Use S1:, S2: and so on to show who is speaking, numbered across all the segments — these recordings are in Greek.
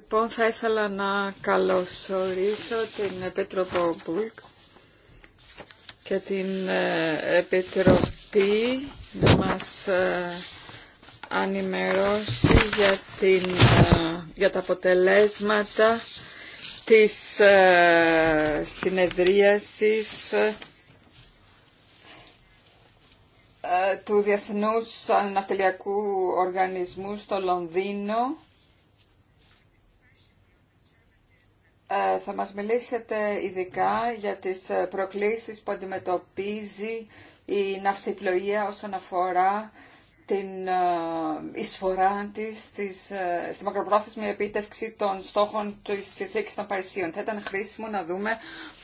S1: Λοιπόν, θα ήθελα να καλωσορίσω την Επίτροπο Μπουλκ και την ε, Επιτροπή να μας ε, ανημερώσει για, ε, για τα αποτελέσματα της συνεδρίασης ε, του Διεθνούς Ναυτιλιακού Οργανισμού στο Λονδίνο. Ε, θα μας μιλήσετε ειδικά για τις ε, προκλήσεις που αντιμετωπίζει η ναυσιπλοεία όσον αφορά την ε, εισφορά της, της ε, στη μακροπρόθεσμη επίτευξη των στόχων της συνθήκης των Παρισίων. Θα ήταν χρήσιμο να δούμε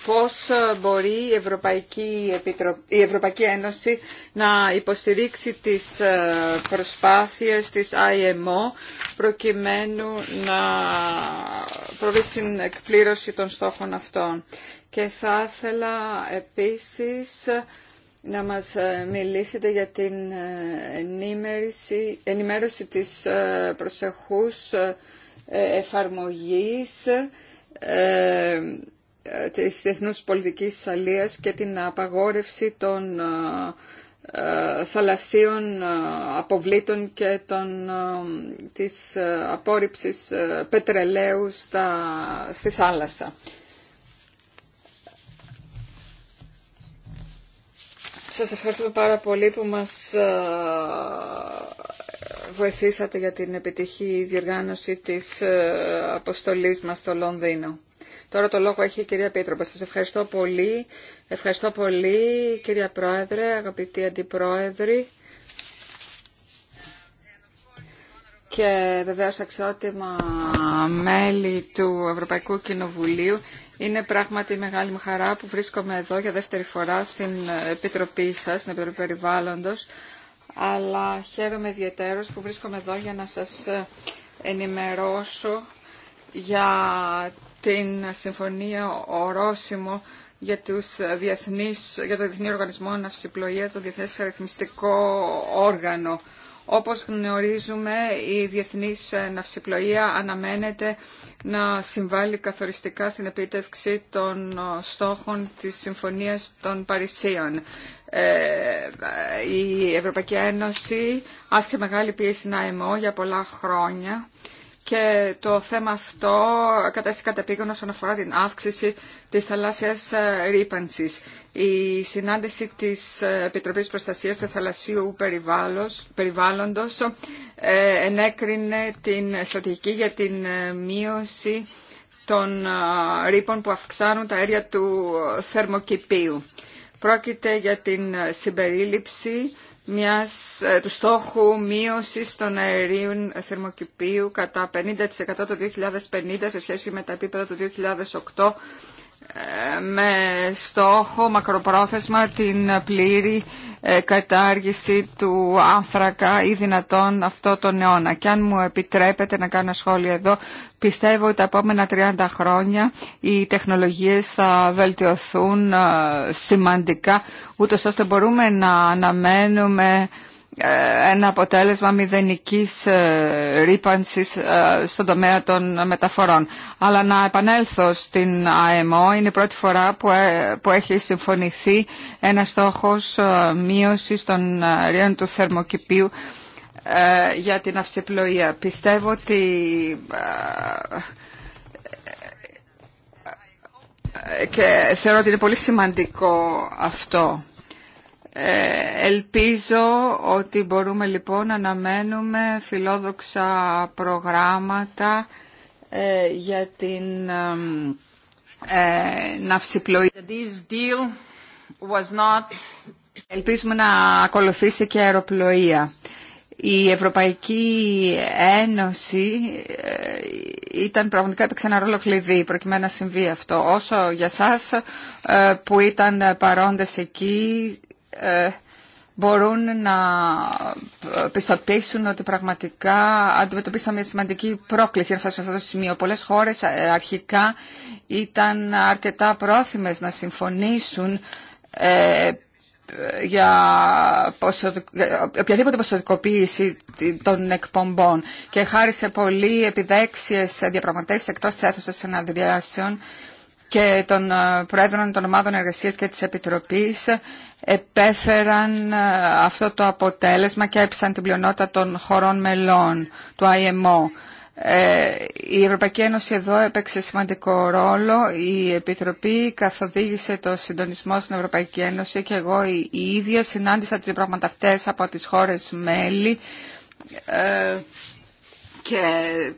S1: πώς ε, μπορεί η Ευρωπαϊκή, η Ευρωπαϊκή Ένωση να υποστηρίξει τις προσπάθειες της IMO προκειμένου να προβεί στην εκπλήρωση των στόχων αυτών. Και θα ήθελα επίσης να μας ε, μιλήσετε για την ε, ενημέρωση, ενημέρωση της ε, προσεχούς εφαρμογής της διεθνούς πολιτικής αλίας και την απαγόρευση των θαλασσίων αποβλήτων και των, της απόρριψης πετρελαίου στα, στη θάλασσα. Σας ευχαριστούμε πάρα πολύ που μας ε, βοηθήσατε για την επιτυχή διοργάνωση της ε, αποστολής μας στο Λονδίνο. Τώρα το λόγο έχει η κυρία Πίτροπα. Σας ευχαριστώ πολύ. Ευχαριστώ πολύ κυρία Πρόεδρε, αγαπητοί Αντιπρόεδροι. και βεβαίως αξιότιμα μέλη του Ευρωπαϊκού Κοινοβουλίου. Είναι πράγματι μεγάλη μου χαρά που βρίσκομαι εδώ για δεύτερη φορά στην Επιτροπή σας, στην Επιτροπή Περιβάλλοντος, αλλά χαίρομαι ιδιαίτερος που βρίσκομαι εδώ για να σας ενημερώσω για την Συμφωνία Ορόσημο για, τους διεθνείς, για το Διεθνή Οργανισμό Ναυσιπλοεία, το Διεθνές Αριθμιστικό Όργανο. Όπως γνωρίζουμε, η διεθνής ε, ναυσιπλοεία αναμένεται να συμβάλλει καθοριστικά στην επίτευξη των ε, στόχων της Συμφωνίας των Παρισίων. Ε, η Ευρωπαϊκή Ένωση άσχε μεγάλη πίεση να ΑΕΜΟ για πολλά χρόνια και το θέμα αυτό κατάστηκε κατεπήγον όσον αφορά την αύξηση της θαλάσσιας ε, ρήπανσης. Η συνάντηση της ε, Επιτροπής Προστασίας του Θαλασσίου Περιβάλλοντος ε, ενέκρινε την στρατηγική για την μείωση των ρήπων που αυξάνουν τα αέρια του θερμοκηπίου. Πρόκειται για την συμπερίληψη μιας, ε, του στόχου μείωσης των αερίων θερμοκηπίου κατά 50% το 2050 σε σχέση με τα επίπεδα του 2008 με στόχο μακροπρόθεσμα την πλήρη ε, κατάργηση του άνθρακα ή δυνατόν αυτό τον αιώνα. Και αν μου επιτρέπετε να κάνω σχόλιο εδώ, πιστεύω ότι τα επόμενα 30 χρόνια οι τεχνολογίες θα βελτιωθούν ε, σημαντικά, ούτως ώστε μπορούμε να αναμένουμε ε, ένα αποτέλεσμα μηδενικής ε, ρήπανσης ε, στον τομέα των μεταφορών. Αλλά να επανέλθω στην ΑΕΜΟ, είναι η πρώτη φορά που έχει συμφωνηθεί ένα στόχος μείωσης των ρίων του θερμοκηπίου για την αυσιπλοεία. Πιστεύω ότι και θεωρώ ότι είναι πολύ σημαντικό αυτό. Ε, ελπίζω ότι μπορούμε λοιπόν να αναμένουμε φιλόδοξα προγράμματα ε, για την ε, ναυσιπλοή. This deal was not... Ελπίζουμε να ακολουθήσει και αεροπλοεία. Η Ευρωπαϊκή Ένωση ε, ήταν πραγματικά έπαιξε ένα ρόλο κλειδί προκειμένου να συμβεί αυτό. Όσο για σας που ήταν παρόντες εκεί ε, μπορούν να πιστοποιήσουν ότι πραγματικά αντιμετωπίσαμε μια σημαντική πρόκληση για να φτάσουμε σε αυτό το σημείο. Πολλές χώρες ε, αρχικά ήταν αρκετά πρόθυμες να συμφωνήσουν ε, για οποιαδήποτε ποσοτικοποίηση των εκπομπών και χάρη σε πολύ επιδέξιες διαπραγματεύσεις εκτός της αίθουσας συναντριάσεων και των ε, Προέδρων των Ομάδων Εργασίας και της Επιτροπής ε, επέφεραν ε, αυτό το αποτέλεσμα και έψαν την πλειονότητα των χωρών μελών του IMO. η Ευρωπαϊκή Ένωση εδώ έπαιξε σημαντικό ρόλο. Η Επιτροπή καθοδήγησε το συντονισμό στην Ευρωπαϊκή Ένωση και εγώ η, ίδια συνάντησα τις πράγματα αυτές από τις χώρες μέλη και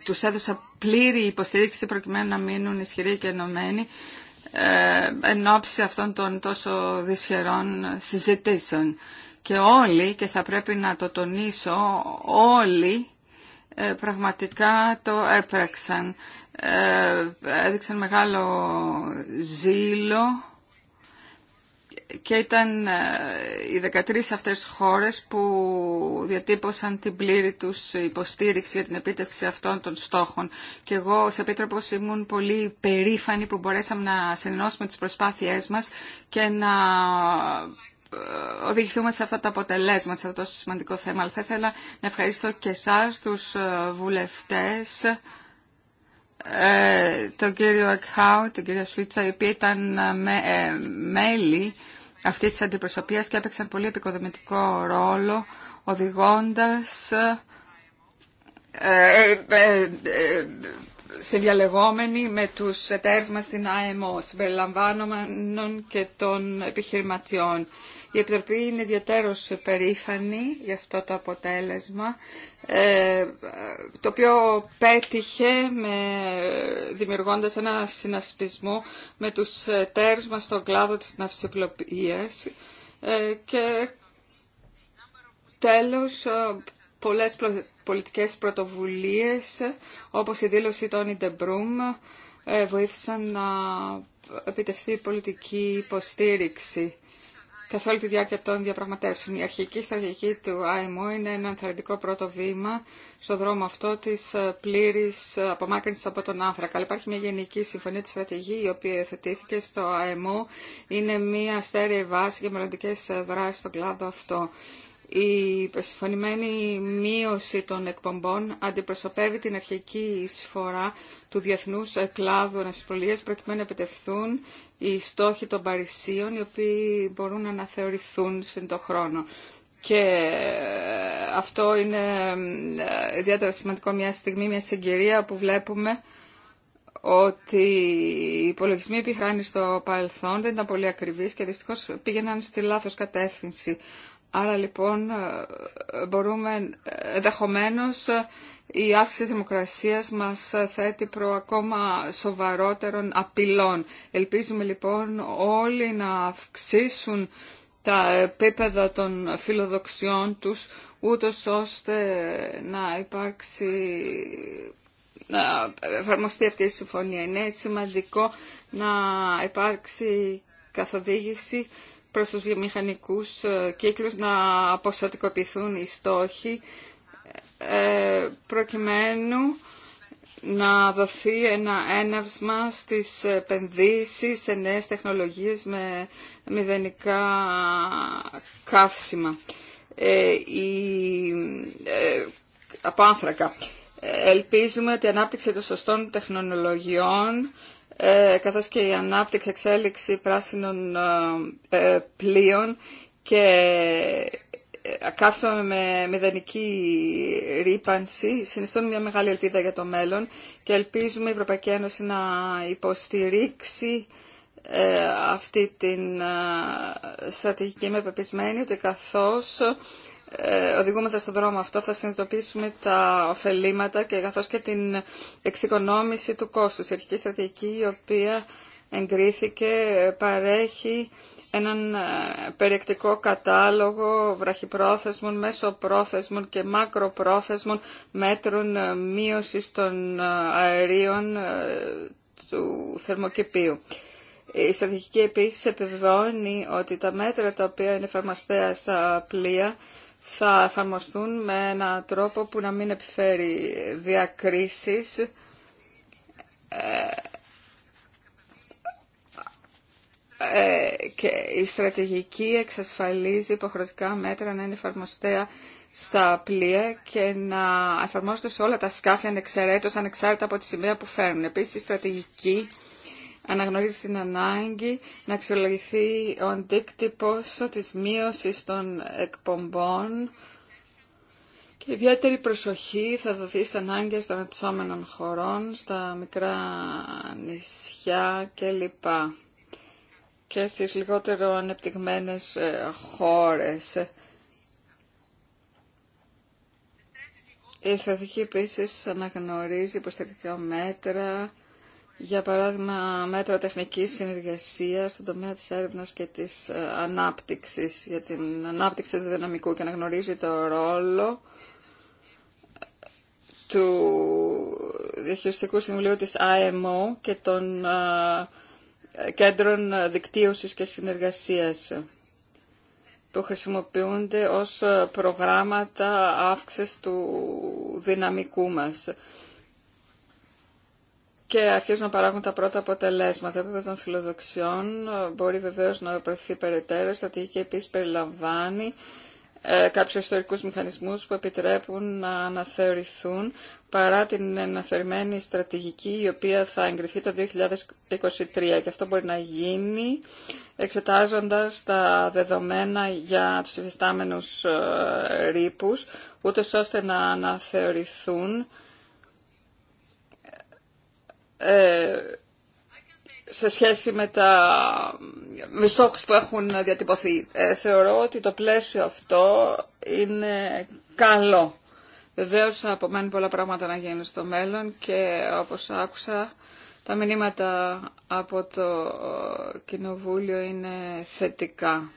S1: τους έδωσα πλήρη υποστήριξη προκειμένου να μείνουν ισχυροί και ενωμένοι ε, εν ώψη αυτών των τόσο δυσχερών συζητήσεων. Και όλοι, και θα πρέπει να το τονίσω, όλοι ε, πραγματικά το έπραξαν. Ε, έδειξαν μεγάλο ζήλο και ήταν ε, οι 13 αυτές χώρες που διατύπωσαν την πλήρη τους υποστήριξη για την επίτευξη αυτών των στόχων. Και εγώ ως Επίτροπος ήμουν πολύ περήφανη που μπορέσαμε να συνενώσουμε τις προσπάθειές μας και να ε, οδηγηθούμε σε αυτά τα αποτελέσματα, σε αυτό το σημαντικό θέμα. Αλλά θα ήθελα να ευχαριστώ και εσά τους ε, βουλευτές, τον κύριο Εκχάου, την κυρία Σουίτσα, οι οποίοι ήταν μέλη αυτή τη αντιπροσωπεία και έπαιξαν πολύ επικοδομητικό ρόλο οδηγώντα σε ε, ε, ε με τους εταίρους στην ΑΕΜΟ, συμπεριλαμβάνομενων και των επιχειρηματιών. Η Επιτροπή είναι ιδιαίτερως περήφανη για αυτό το αποτέλεσμα, ε, το οποίο πέτυχε με, δημιουργώντας ένα συνασπισμό με τους τέρους μας στον κλάδο της ναυσιπλοποιίας ε, και τέλος ε, πολλές πολιτικές πρωτοβουλίες όπως η δήλωση των Ιντεμπρούμ βοήθησαν να επιτευχθεί πολιτική υποστήριξη καθ' όλη τη διάρκεια των διαπραγματεύσεων. Η αρχική στρατηγική του Α.Ε.Μ.Ο. είναι ένα ενθαρρυντικό πρώτο βήμα στον δρόμο αυτό τη ε, πλήρη ε, απομάκρυνση από τον άνθρακα. Αλλά υπάρχει μια γενική συμφωνία τη στρατηγική, η οποία υιοθετήθηκε στο Α.Ε.Μ.Ο. Είναι μια στέρεη βάση για μελλοντικέ ε, δράσει στον κλάδο αυτό. Η συμφωνημένη μείωση των εκπομπών αντιπροσωπεύει την αρχική εισφορά του Διεθνούς Κλάδου Αναυσπρολίας προκειμένου να επιτευχθούν οι στόχοι των Παρισίων οι οποίοι μπορούν να αναθεωρηθούν στον το χρόνο. Και αυτό είναι ε, ιδιαίτερα σημαντικό μια στιγμή, μια συγκυρία που βλέπουμε ότι οι υπολογισμοί που στο παρελθόν δεν ήταν πολύ ακριβείς και δυστυχώς πήγαιναν στη λάθος κατεύθυνση. Άρα λοιπόν μπορούμε ενδεχομένω η αύξηση της δημοκρασίας μας θέτει προ ακόμα σοβαρότερων απειλών. Ελπίζουμε λοιπόν όλοι να αυξήσουν τα επίπεδα των φιλοδοξιών τους ούτως ώστε να υπάρξει να εφαρμοστεί αυτή η συμφωνία. Είναι σημαντικό να υπάρξει καθοδήγηση προς τους βιομηχανικούς ε, κύκλους να αποστατικοποιηθούν οι στόχοι ε, προκειμένου να δοθεί ένα έναυσμα στις επενδύσεις σε νέες τεχνολογίες με μηδενικά καύσιμα ε, από άνθρακα. Ελπίζουμε ότι η ανάπτυξη των σωστών τεχνολογιών ε, καθώς και η ανάπτυξη, εξέλιξη πράσινων ε, ε, πλοίων και καύσαμε με μηδενική ρήπανση, συνιστούν μια μεγάλη ελπίδα για το μέλλον και ελπίζουμε η Ευρωπαϊκή Ένωση να υποστηρίξει αυτή την στρατηγική με πεπισμένη ότι καθώς ε, οδηγούμεθα στον δρόμο αυτό θα συνειδητοποιήσουμε τα ωφελήματα και καθώς και την εξοικονόμηση του κόστους. Η αρχική στρατηγική η οποία εγκρίθηκε παρέχει έναν ε, περιεκτικό κατάλογο βραχυπρόθεσμων, μέσοπρόθεσμων και μακροπρόθεσμων μέτρων ε, μείωσης των αερίων του θερμοκηπίου. Η στρατηγική επίσης επιβεβαιώνει ότι τα μέτρα τα οποία είναι εφαρμοστέα στα πλοία θα εφαρμοστούν με έναν τρόπο που να μην επιφέρει διακρίσεις ε, ε, και η στρατηγική εξασφαλίζει υποχρεωτικά μέτρα να είναι εφαρμοστέα στα πλοία και να εφαρμόζονται σε όλα τα σκάφη ανεξαιρέτως, ανεξάρτητα από τη σημεία που φέρνουν. Επίσης, η στρατηγική αναγνωρίζει την ανάγκη να αξιολογηθεί ο αντίκτυπος της μείωσης των εκπομπών και ιδιαίτερη προσοχή θα δοθεί στις ανάγκες των ετσόμενων χωρών, στα μικρά νησιά κλπ. Και στις λιγότερο ανεπτυγμένες ε, χώρες. Η στρατηγική επίσης αναγνωρίζει υποστηρικτικά μέτρα για παράδειγμα μέτρα τεχνικής συνεργασίας στον τομέα της έρευνας και της ε, ανάπτυξης, για την ανάπτυξη του δυναμικού και να γνωρίζει το ρόλο ε, του Διαχειριστικού Συμβουλίου της ΑΕΜΟ και των ε, κέντρων δικτύωσης και συνεργασίας που χρησιμοποιούνται ως προγράμματα αύξησης του δυναμικού μας και αρχίζουν να παράγουν τα πρώτα αποτελέσματα. Το επίπεδο των φιλοδοξιών ε, μπορεί βεβαίω να προωθηθεί περαιτέρω. Η στρατηγική επίση περιλαμβάνει ε, κάποιους ιστορικούς μηχανισμούς που επιτρέπουν να αναθεωρηθούν παρά την αναθεωρημένη στρατηγική η οποία θα εγκριθεί το 2023 και αυτό μπορεί να γίνει εξετάζοντας τα δεδομένα για του υφιστάμενους ε, ρήπους ούτω ώστε να αναθεωρηθούν ε, σε σχέση με, τα, με που έχουν διατυπωθεί. Ε, θεωρώ ότι το πλαίσιο αυτό είναι καλό. Βεβαίως απομένουν πολλά πράγματα να γίνουν στο μέλλον και όπως άκουσα τα μηνύματα από το Κοινοβούλιο είναι θετικά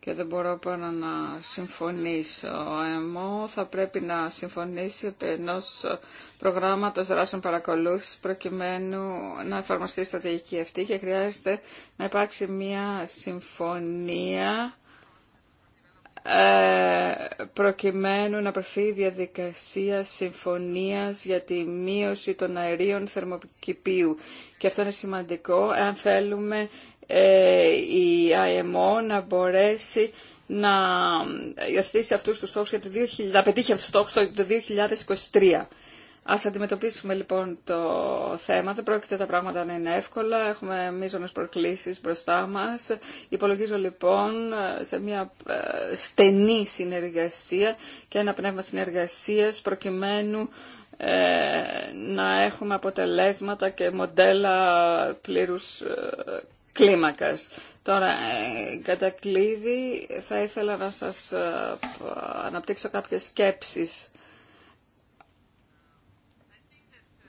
S1: και δεν μπορώ πάνω να συμφωνήσω. Ο θα πρέπει να συμφωνήσει επί ενός προγράμματος δράσεων παρακολούθησης προκειμένου να εφαρμοστεί η στρατηγική αυτή και χρειάζεται να υπάρξει μια συμφωνία ε, προκειμένου να προθεί η διαδικασία συμφωνίας για τη μείωση των αερίων θερμοκηπίου. Και αυτό είναι σημαντικό εάν θέλουμε ε, η ΑΕΜΟ να μπορέσει να υιοθετήσει αυτούς τους στόχους για το 2000, να πετύχει αυτούς τους στόχους το 2023. Ας αντιμετωπίσουμε λοιπόν το θέμα. Δεν πρόκειται τα πράγματα να είναι εύκολα. Έχουμε μείζονες προκλήσεις μπροστά μας. Υπολογίζω λοιπόν σε μια ε, στενή συνεργασία και ένα πνεύμα συνεργασίας προκειμένου ε, να έχουμε αποτελέσματα και μοντέλα πλήρους κλίμακας. Τώρα, ε, κατά κλείδι, θα ήθελα να σας ε, αναπτύξω κάποιες σκέψεις.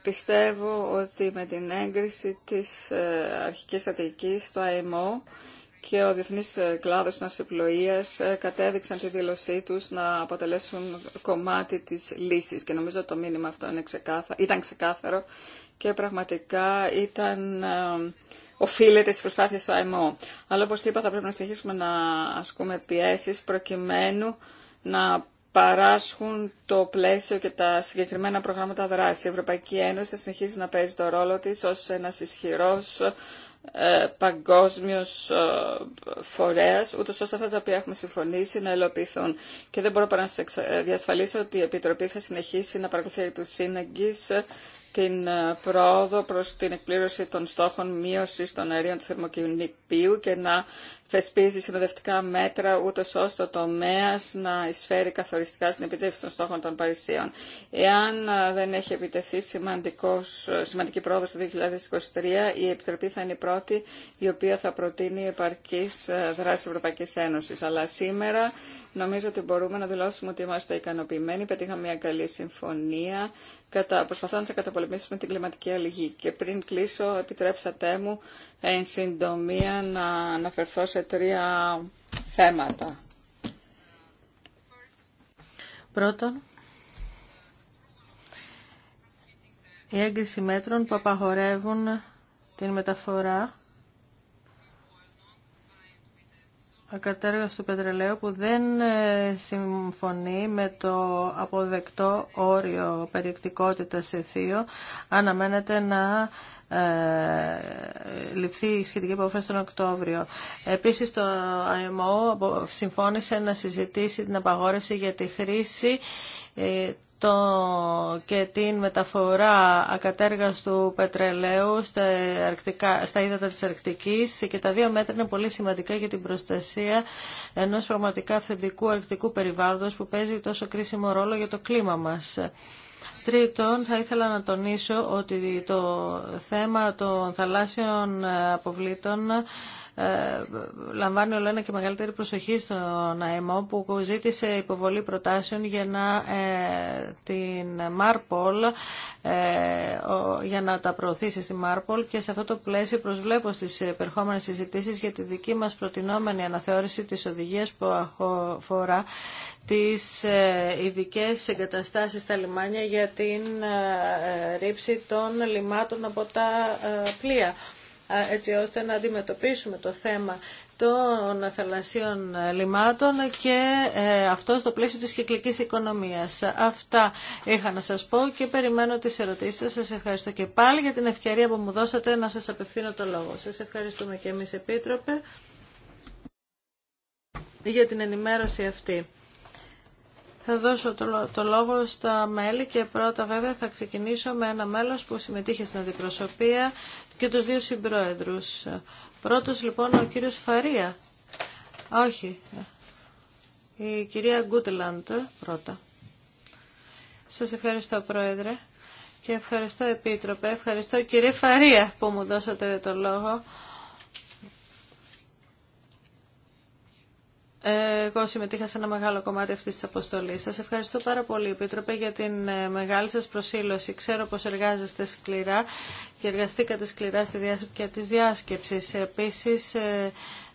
S1: Πιστεύω ότι με την έγκριση της ε, αρχικής στρατηγικής στο ΑΕΜΟ και ο Διεθνής Κλάδος Ναυσιπλοείας κατέδειξαν τη δήλωσή τους να αποτελέσουν κομμάτι της λύσης και νομίζω το μήνυμα αυτό είναι ήταν ξεκάθαρο και πραγματικά ήταν, ε, οφείλεται στις προσπάθειες του ΑΕΜΟ. Αλλά όπως είπα θα πρέπει να συνεχίσουμε να ασκούμε πιέσεις προκειμένου να παράσχουν το πλαίσιο και τα συγκεκριμένα προγράμματα δράση. Η Ευρωπαϊκή Ένωση θα συνεχίσει να παίζει το ρόλο της ως ένας ισχυρός ε, παγκόσμιος ε, φορέας, ούτως ώστε αυτά τα οποία έχουμε συμφωνήσει να ελοπιθούν. Και δεν μπορώ παρά να σας διασφαλίσω ότι η Επιτροπή θα συνεχίσει να παρακολουθεί του σύναγκης την ε, πρόοδο προς την εκπλήρωση των στόχων μείωσης των αερίων του θερμοκηπίου και να θεσπίζει συνοδευτικά μέτρα ούτω ώστε ο τομέα να εισφέρει καθοριστικά στην επιτεύξη των στόχων των Παρισίων. Εάν ε, δεν έχει επιτεθεί ε, σημαντική πρόοδο το 2023, η Επιτροπή θα είναι η πρώτη η οποία θα προτείνει επαρκή δράση Ευρωπαϊκή Ένωση. Αλλά σήμερα Νομίζω ότι μπορούμε να δηλώσουμε ότι είμαστε ικανοποιημένοι. Πετύχαμε μια καλή συμφωνία. Κατα... Προσπαθώντας να καταπολεμήσουμε την κλιματική αλληλεγγύη. Και πριν κλείσω, επιτρέψατε μου εν συντομία να αναφερθώ σε τρία θέματα.
S2: Πρώτον, η έγκριση μέτρων που απαγορεύουν την μεταφορά ακατέργαστο πετρελαίου που δεν ε, συμφωνεί με το αποδεκτό όριο περιεκτικότητας σε θείο αναμένεται να ε, ληφθεί η σχετική απόφαση τον Οκτώβριο. Επίσης το ΑΕΜΟ συμφώνησε να συζητήσει την απαγόρευση για τη χρήση ε, το και την μεταφορά ακατέργαστου πετρελαίου στα, αρκτικά, στα ύδατα της Αρκτικής και τα δύο μέτρα είναι πολύ σημαντικά για την προστασία ενός πραγματικά αυθεντικού αρκτικού περιβάλλοντος που παίζει τόσο κρίσιμο ρόλο για το κλίμα μας. Τρίτον, θα ήθελα να τονίσω ότι το θέμα των θαλάσσιων αποβλήτων ε, λαμβάνει όλο ένα και μεγαλύτερη προσοχή στον ΑΕΜΟ που ζήτησε υποβολή προτάσεων για να ε, την Μάρπολ ε, για να τα προωθήσει στη Μάρπολ και σε αυτό το πλαίσιο προσβλέπω στις επερχόμενες συζητήσεις για τη δική μας προτινόμενη αναθεώρηση της οδηγίας που αφορά τις ειδικέ εγκαταστάσεις στα λιμάνια για την ρήψη των λιμάτων από τα πλοία έτσι ώστε να αντιμετωπίσουμε το θέμα των θαλασσίων λιμάτων και ε, αυτό στο πλαίσιο της κυκλικής οικονομίας. Αυτά είχα να σας πω και περιμένω τις ερωτήσεις σας. Σας ευχαριστώ και πάλι για την ευκαιρία που μου δώσατε να σας απευθύνω το λόγο. Σας ευχαριστούμε και εμείς Επίτροπε για την ενημέρωση αυτή. Θα δώσω το, λόγο στα μέλη και πρώτα βέβαια θα ξεκινήσω με ένα μέλος που συμμετείχε στην αντιπροσωπεία και τους δύο συμπρόεδρους. Πρώτος λοιπόν ο κύριος Φαρία. Όχι. Η κυρία Γκούτελαντ πρώτα. Σας ευχαριστώ πρόεδρε και ευχαριστώ επίτροπε. Ευχαριστώ κύριε Φαρία που μου δώσατε το λόγο. εγώ συμμετείχα σε ένα μεγάλο κομμάτι αυτής της αποστολής. Σας ευχαριστώ πάρα πολύ, Επίτροπε, για την ε, μεγάλη σας προσήλωση. Ξέρω πως εργάζεστε σκληρά και εργαστήκατε σκληρά στη διάρκεια της διάσκεψης. Επίσης, ε,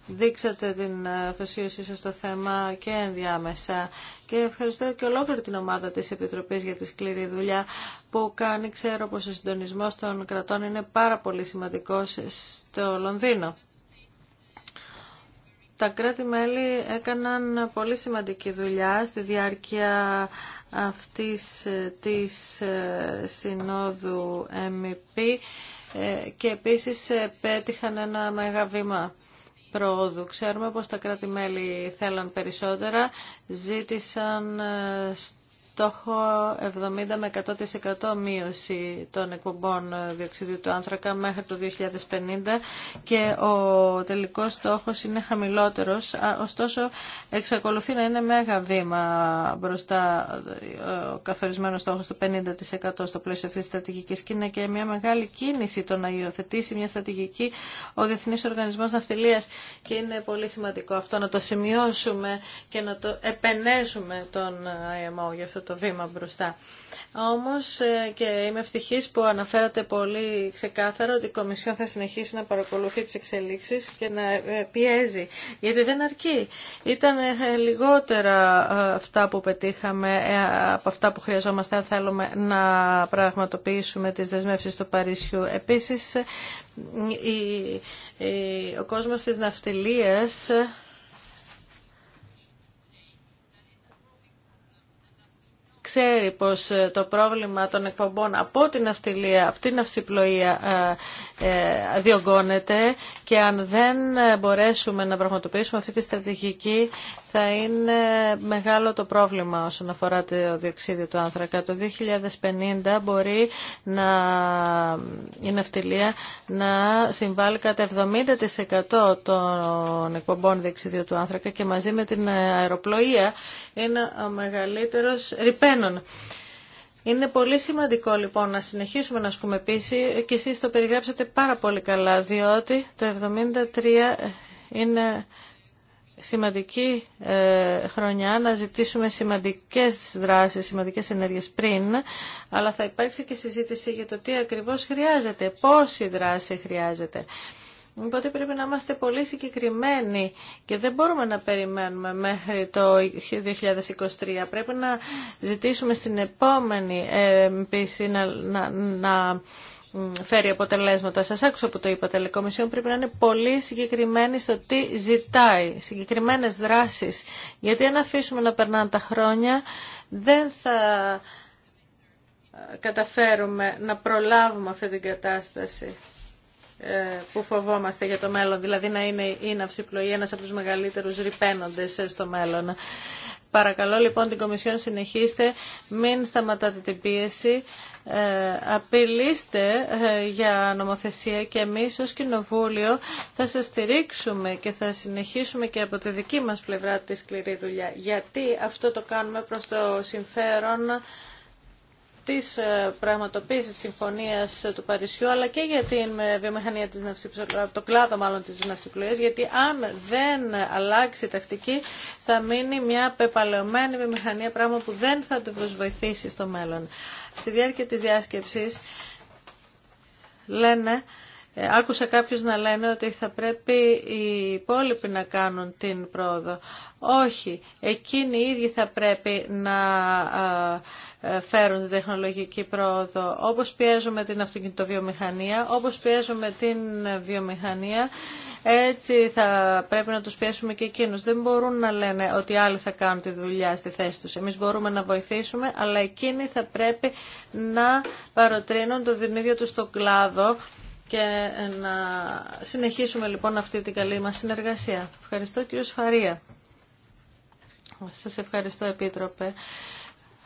S2: δείξατε την ε, αφοσίωσή σας στο θέμα και ενδιάμεσα. Και ευχαριστώ και ολόκληρη την ομάδα της Επιτροπής για τη σκληρή δουλειά που κάνει. Ξέρω πως ο συντονισμός των κρατών είναι πάρα πολύ σημαντικός στο Λονδίνο τα κράτη-μέλη έκαναν πολύ σημαντική δουλειά στη διάρκεια αυτής ε, της ε, συνόδου MEP ε, και επίσης πέτυχαν ένα μεγάλο βήμα πρόοδου. Ξέρουμε πως τα κράτη-μέλη θέλαν περισσότερα, ζήτησαν στόχο 70 με 100% μείωση των εκπομπών διοξιδίου του άνθρακα μέχρι το 2050 και ο τελικός στόχος είναι χαμηλότερος, ωστόσο εξακολουθεί να είναι μέγα βήμα μπροστά ε, ο καθορισμένος στόχος του 50% στο πλαίσιο αυτής της στρατηγικής και είναι και μια μεγάλη κίνηση το να υιοθετήσει μια στρατηγική ο Διεθνής Οργανισμός Ναυτιλίας και είναι πολύ σημαντικό αυτό να το σημειώσουμε και να το επενέσουμε τον IMO για αυτό το βήμα μπροστά. Όμως ε, και είμαι ευτυχής που αναφέρατε πολύ ξεκάθαρο ότι η Κομισιόν θα συνεχίσει να παρακολουθεί τις εξελίξεις και να ε, πιέζει, γιατί δεν αρκεί. Ήταν ε, λιγότερα αυτά που πετύχαμε από αυτά που χρειαζόμαστε αν θέλουμε να πραγματοποιήσουμε τις δεσμεύσεις του Παρίσιου. Επίσης, ο κόσμος της ναυτιλίας ξέρει πως ε, το πρόβλημα των εκπομπών από την αυτιλία, από την αυσιπλοεία ε, ε, διωγγώνεται και αν δεν μπορέσουμε να πραγματοποιήσουμε αυτή τη στρατηγική θα είναι μεγάλο το πρόβλημα όσον αφορά το διοξίδιο του άνθρακα. Το 2050 μπορεί να, η ναυτιλία να συμβάλλει κατά 70% των εκπομπών διοξιδίου του άνθρακα και μαζί με την αεροπλοεία είναι ο μεγαλύτερος ρηπαίνων. Είναι πολύ σημαντικό λοιπόν να συνεχίσουμε να ασκούμε πίση και εσείς το περιγράψατε πάρα πολύ καλά διότι το 73 είναι σημαντική ε, χρονιά να ζητήσουμε σημαντικές δράσεις, σημαντικές ενέργειες πριν, αλλά θα υπάρξει και συζήτηση για το τι ακριβώς χρειάζεται, πόση δράση χρειάζεται. Οπότε πρέπει να είμαστε πολύ συγκεκριμένοι και δεν μπορούμε να περιμένουμε μέχρι το 2023. Πρέπει να ζητήσουμε στην επόμενη επίση να, να φέρει αποτελέσματα. Σας άκουσα που το είπα, η Κομισιόν πρέπει να είναι πολύ συγκεκριμένη στο τι ζητάει, συγκεκριμένες δράσεις. Γιατί αν αφήσουμε να περνάνε τα χρόνια, δεν θα ε, καταφέρουμε να προλάβουμε αυτή την κατάσταση ε, που φοβόμαστε για το μέλλον, δηλαδή να είναι η ναυσιπλοή ένας από τους μεγαλύτερους ρηπαίνοντες στο μέλλον. Παρακαλώ λοιπόν την Κομισιόν συνεχίστε, μην σταματάτε την πίεση, ε, απειλήστε ε, για νομοθεσία και εμείς ως Κοινοβούλιο θα σας στηρίξουμε και θα συνεχίσουμε και από τη δική μας πλευρά τη σκληρή δουλειά. Γιατί αυτό το κάνουμε προς το συμφέρον της ε, πραγματοποίησης της συμφωνίας ε, του Παρισιού αλλά και για την ε, βιομηχανία της ναυσιπλοείας, το κλάδο μάλλον της ναυσιπλοείας γιατί αν δεν αλλάξει η τακτική θα μείνει μια πεπαλαιωμένη βιομηχανία πράγμα που δεν θα την βοηθήσει στο μέλλον. Στη διάρκεια της διάσκεψης λένε ε, άκουσα κάποιους να λένε ότι θα πρέπει οι υπόλοιποι να κάνουν την πρόοδο. Όχι, εκείνοι οι ίδιοι θα πρέπει να ε, φέρουν την τεχνολογική πρόοδο. Όπως πιέζουμε την αυτοκινητοβιομηχανία, όπως πιέζουμε την βιομηχανία, έτσι θα πρέπει να τους πιέσουμε και εκείνους. Δεν μπορούν να λένε ότι άλλοι θα κάνουν τη δουλειά στη θέση τους. Εμείς μπορούμε να βοηθήσουμε, αλλά εκείνοι θα πρέπει να παροτρύνουν το ίδιο του στον κλάδο και ε, να συνεχίσουμε λοιπόν αυτή την καλή μας συνεργασία. Ευχαριστώ κύριο Σφαρία. Σας ευχαριστώ Επίτροπε.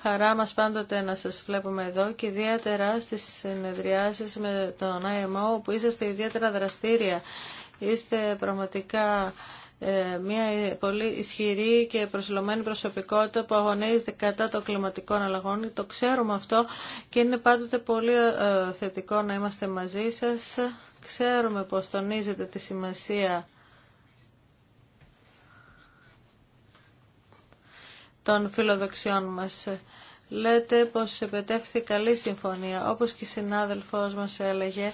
S2: Χαρά μας πάντοτε να σας βλέπουμε εδώ και ιδιαίτερα στις συνεδριάσεις με τον IMO που είσαστε ιδιαίτερα δραστήρια. Είστε πραγματικά ε, μια πολύ ισχυρή και προσιλωμένη προσωπικότητα που αγωνίζεται κατά των κλιματικών αλλαγών. Το ξέρουμε αυτό και είναι πάντοτε πολύ ε, θετικό να είμαστε μαζί σας. Ξέρουμε πως τονίζετε τη σημασία των φιλοδοξιών μας. Λέτε πως επετεύχθη καλή συμφωνία. Όπως και η συνάδελφός μας έλεγε,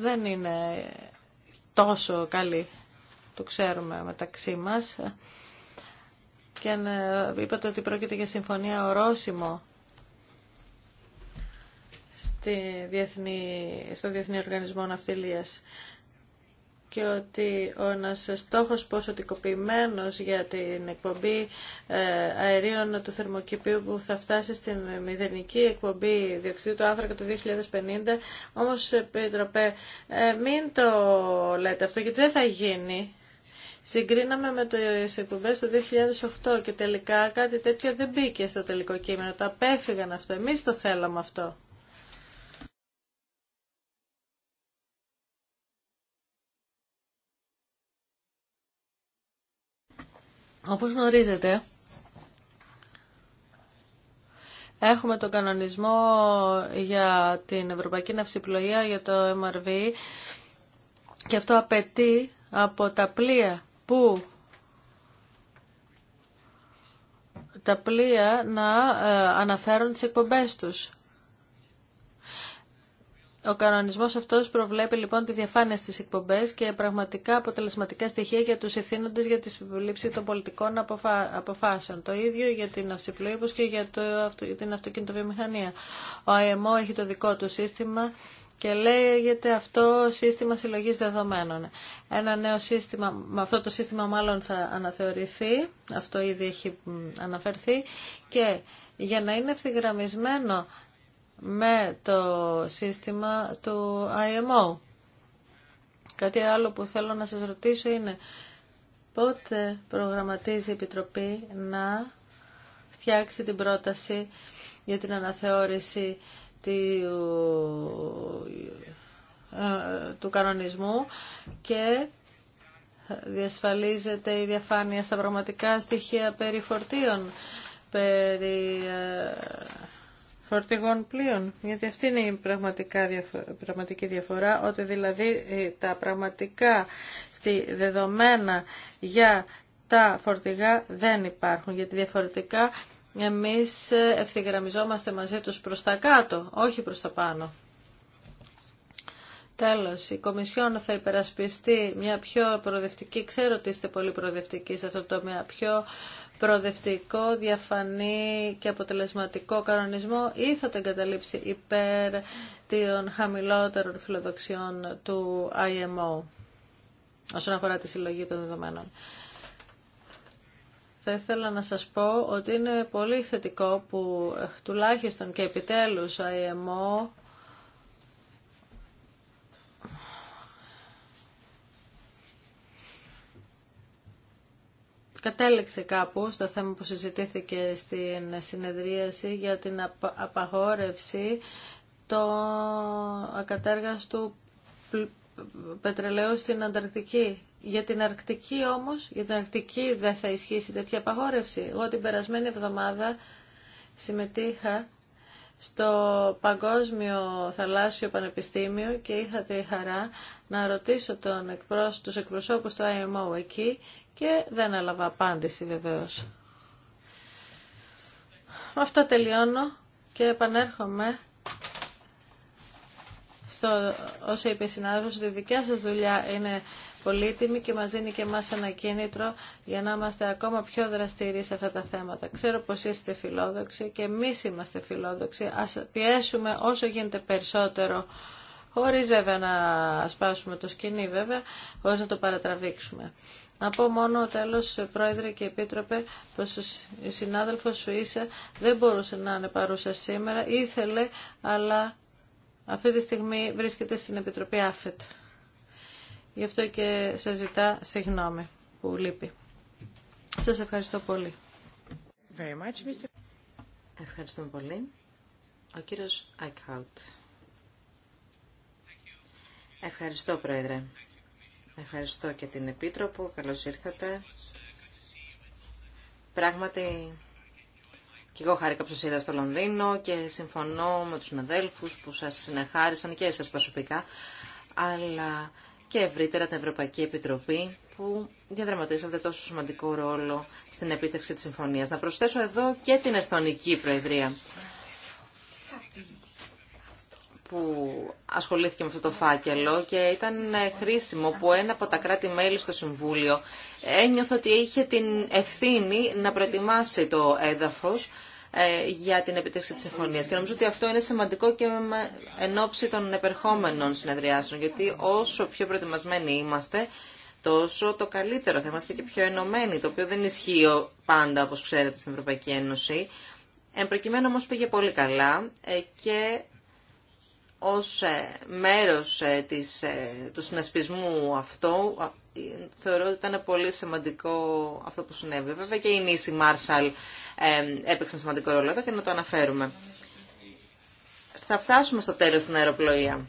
S2: δεν είναι τόσο καλή το ξέρουμε μεταξύ μας. Και ε, είπατε ότι πρόκειται για συμφωνία ορόσημο στη διεθνή, στο Διεθνή Οργανισμό Ναυτιλίας και ότι ο ένας στόχος ποσοτικοποιημένος για την εκπομπή ε, αερίων του θερμοκηπίου που θα φτάσει στην μηδενική εκπομπή διοξιδίου του άνθρακα το 2050. Όμως, ε, Πίτροπε, μην το λέτε αυτό γιατί δεν θα γίνει συγκρίναμε με το εκπομπέ του 2008 και τελικά κάτι τέτοιο δεν μπήκε στο τελικό κείμενο. Το απέφυγαν αυτό. Εμείς το θέλαμε αυτό. Όπως γνωρίζετε, Έχουμε τον κανονισμό για την Ευρωπαϊκή Ναυσιπλοεία για το MRV και αυτό απαιτεί από τα πλοία που τα πλοία να ε, αναφέρουν τις εκπομπές τους. Ο κανονισμός αυτός προβλέπει λοιπόν τη διαφάνεια στις εκπομπές και πραγματικά αποτελεσματικά στοιχεία για τους ευθύνοντες για τη συμπλήψη των πολιτικών αποφάσεων. Το ίδιο για την αυσιπλοή και για, το... για την αυτοκινητοβιομηχανία. Ο ΑΕΜΟ έχει το δικό του σύστημα και λέγεται αυτό σύστημα συλλογής δεδομένων. Ένα νέο σύστημα, με αυτό το σύστημα μάλλον θα αναθεωρηθεί, αυτό ήδη έχει αναφερθεί και για να είναι ευθυγραμμισμένο με το σύστημα του IMO. Κάτι άλλο που θέλω να σας ρωτήσω είναι πότε προγραμματίζει η Επιτροπή να φτιάξει την πρόταση για την αναθεώρηση ε, του κανονισμού και διασφαλίζεται η διαφάνεια στα πραγματικά στοιχεία περί φορτίων, περί ε, φορτηγών πλοίων. Γιατί αυτή είναι η πραγματικά, πραγματική διαφορά, ότι δηλαδή ε, τα πραγματικά στη δεδομένα για τα φορτηγά δεν υπάρχουν, γιατί διαφορετικά εμείς ευθυγραμμιζόμαστε μαζί τους προς τα κάτω, όχι προς τα πάνω. Τέλος, η Κομισιόν θα υπερασπιστεί μια πιο προοδευτική, ξέρω ότι είστε πολύ προοδευτικοί σε αυτό το τομέα, πιο προοδευτικό, διαφανή και αποτελεσματικό κανονισμό ή θα το εγκαταλείψει υπέρ των χαμηλότερων φιλοδοξιών του IMO όσον αφορά τη συλλογή των δεδομένων θα ήθελα να σας πω ότι είναι πολύ θετικό που ε, τουλάχιστον και επιτέλους ο ΑΕΜΟ κατέληξε κάπου στο θέμα που συζητήθηκε στην συνεδρίαση για την απαγόρευση των ακατέργαστου πετρελαίου στην Ανταρκτική. Για την Αρκτική όμως, για την Αρκτική δεν θα ισχύσει τέτοια απαγόρευση. Εγώ την περασμένη εβδομάδα συμμετείχα στο Παγκόσμιο Θαλάσσιο Πανεπιστήμιο και είχα τη χαρά να ρωτήσω τον εκπρός τους εκπροσώπους του IMO εκεί και δεν έλαβα απάντηση βεβαίως. Με αυτό τελειώνω και επανέρχομαι Ευχαριστώ όσο είπε η συνάδελφος, ότι η δικιά σα δουλειά είναι πολύτιμη και μας δίνει και εμά ένα κίνητρο για να είμαστε ακόμα πιο δραστηροί σε αυτά τα θέματα. Ξέρω πω είστε φιλόδοξοι και εμεί είμαστε φιλόδοξοι. Α πιέσουμε όσο γίνεται περισσότερο, χωρί βέβαια να σπάσουμε το σκηνή βέβαια, χωρίς να το παρατραβήξουμε. Να πω μόνο τέλο, Πρόεδρε και Επίτροπε, πω η συνάδελφο Σουίσα δεν μπορούσε να είναι παρούσα σήμερα, ήθελε, αλλά αυτή τη στιγμή βρίσκεται στην Επιτροπή ΑΦΕΤ. Γι' αυτό και σας ζητά συγγνώμη που λείπει.
S3: Σας ευχαριστώ πολύ. Very πολύ. Ο κύριος Αϊκχάουτ. Ευχαριστώ, Πρόεδρε. Ευχαριστώ και την Επίτροπο. Καλώς ήρθατε. Πράγματι, και εγώ χάρηκα που σας είδα στο Λονδίνο και συμφωνώ με τους συναδέλφους που σας συνεχάρισαν και εσάς προσωπικά, αλλά και ευρύτερα την Ευρωπαϊκή Επιτροπή που διαδραματίσατε τόσο σημαντικό ρόλο στην επίτευξη της συμφωνίας. Να προσθέσω εδώ και την Εσθονική Προεδρία που ασχολήθηκε με αυτό το φάκελο και ήταν χρήσιμο που ένα από τα κράτη-μέλη στο Συμβούλιο ένιωθε ότι είχε την ευθύνη να προετοιμάσει το έδαφος ε, για την επιτεύξη της συμφωνίας. Και νομίζω ότι αυτό είναι σημαντικό και εν ώψη των επερχόμενων συνεδριάσεων, γιατί όσο πιο προετοιμασμένοι είμαστε, τόσο το καλύτερο θα είμαστε και πιο ενωμένοι, το οποίο δεν ισχύει πάντα, όπως ξέρετε, στην Ευρωπαϊκή Ένωση. Εν προκειμένου όμως πήγε πολύ καλά ε, και ως ε, μέρος ε, της, ε, του συνασπισμού αυτό θεωρώ ότι ήταν πολύ σημαντικό αυτό που συνέβη. Βέβαια και η Νίση Μάρσαλ έπαιξαν σημαντικό ρόλο εδώ και να το αναφέρουμε. Θα φτάσουμε στο τέλος στην αεροπλοεία.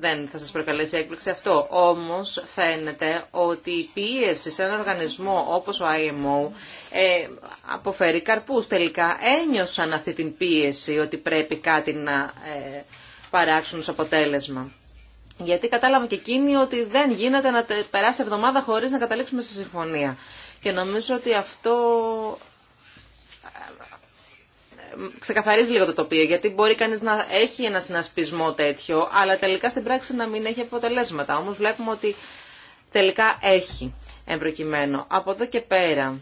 S3: Δεν θα σας προκαλέσει έκπληξη αυτό. Όμως φαίνεται ότι η πίεση σε έναν οργανισμό όπως ο IMO ε, αποφέρει καρπούς. Τελικά ένιωσαν αυτή την πίεση ότι πρέπει κάτι να παράξουν ως αποτέλεσμα. Γιατί κατάλαβα και εκείνη ότι δεν γίνεται να περάσει εβδομάδα χωρίς να καταλήξουμε σε συμφωνία. Και νομίζω ότι αυτό ε, ε, ξεκαθαρίζει λίγο το τοπίο, γιατί μπορεί κανείς να έχει ένα συνασπισμό τέτοιο, αλλά τελικά στην πράξη να μην έχει αποτελέσματα. Όμως βλέπουμε ότι τελικά έχει εμπροκειμένο. Από εδώ και πέρα,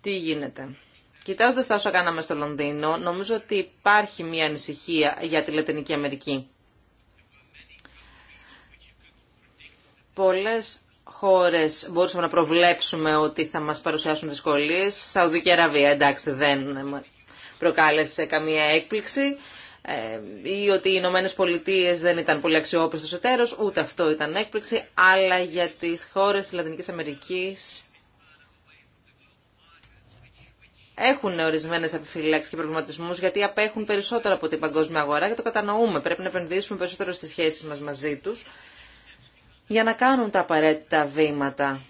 S3: τι γίνεται. Κοιτάζοντα τα όσα κάναμε στο Λονδίνο, νομίζω ότι υπάρχει μια ανησυχία για τη Λατινική Αμερική. Πολλέ χώρες μπορούσαμε να προβλέψουμε ότι θα μας παρουσιάσουν δυσκολίες. Σαουδική Αραβία, εντάξει, δεν προκάλεσε καμία έκπληξη ε, ή ότι οι Ηνωμένε Πολιτείε δεν ήταν πολύ αξιόπιστο εταίρο, ούτε αυτό ήταν έκπληξη, αλλά για τι χώρε τη Λατινική Αμερική. έχουν ορισμένε επιφυλάξει και προβληματισμού γιατί απέχουν περισσότερο από την παγκόσμια αγορά και το κατανοούμε. Πρέπει να επενδύσουμε περισσότερο στι σχέσει μα μαζί του για να κάνουν τα απαραίτητα βήματα.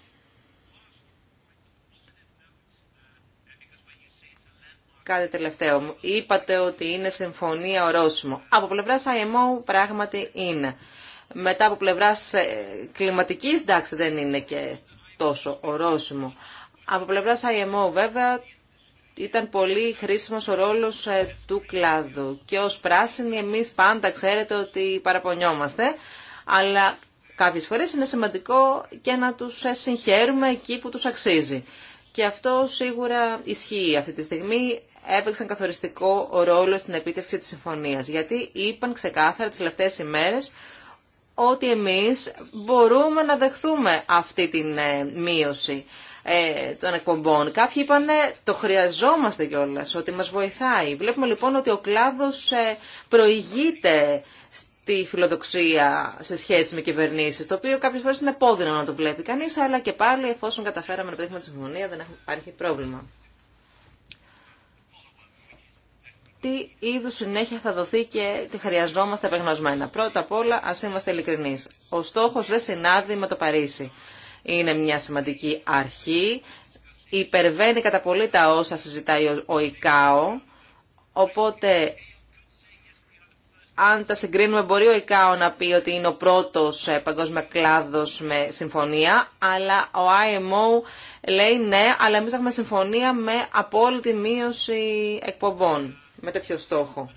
S3: Κάτι τελευταίο. Είπατε ότι είναι συμφωνία ορόσημο. Από πλευρά IMO πράγματι είναι. Μετά από πλευρά ε, κλιματική, εντάξει, δεν είναι και τόσο ορόσημο. Από πλευρά IMO βέβαια ήταν πολύ χρήσιμος ο ρόλος ε, του κλάδου. Και ως πράσινοι εμείς πάντα ξέρετε ότι παραπονιόμαστε, αλλά κάποιες φορές είναι σημαντικό και να τους ε, συγχαίρουμε εκεί που τους αξίζει. Και αυτό σίγουρα ισχύει αυτή τη στιγμή έπαιξαν καθοριστικό ρόλο στην επίτευξη της συμφωνίας, γιατί είπαν ξεκάθαρα τις τελευταίες ημέρες ότι εμείς μπορούμε να δεχθούμε αυτή την ε, μείωση ε, των εκπομπών. Κάποιοι είπαν το χρειαζόμαστε κιόλα, ότι μα βοηθάει. Βλέπουμε λοιπόν ότι ο κλάδος ε, προηγείται στη φιλοδοξία σε σχέση με κυβερνήσει. το οποίο κάποιε φορέ είναι πόδινο να το βλέπει κανεί, αλλά και πάλι εφόσον καταφέραμε να πετύχουμε τη συμφωνία δεν υπάρχει πρόβλημα. τι είδου συνέχεια θα δοθεί και τι χρειαζόμαστε επεγνωσμένα. Πρώτα απ' όλα, α είμαστε ειλικρινεί. Ο στόχο δεν συνάδει με το Παρίσι είναι μια σημαντική αρχή. Υπερβαίνει κατά πολύ τα όσα συζητάει ο ΙΚΑΟ, οπότε αν τα συγκρίνουμε μπορεί ο ΙΚΑΟ να πει ότι είναι ο πρώτος ε, παγκόσμια κλάδος με συμφωνία, αλλά ο IMO λέει ναι, αλλά εμείς έχουμε συμφωνία με απόλυτη μείωση εκπομπών, με τέτοιο στόχο.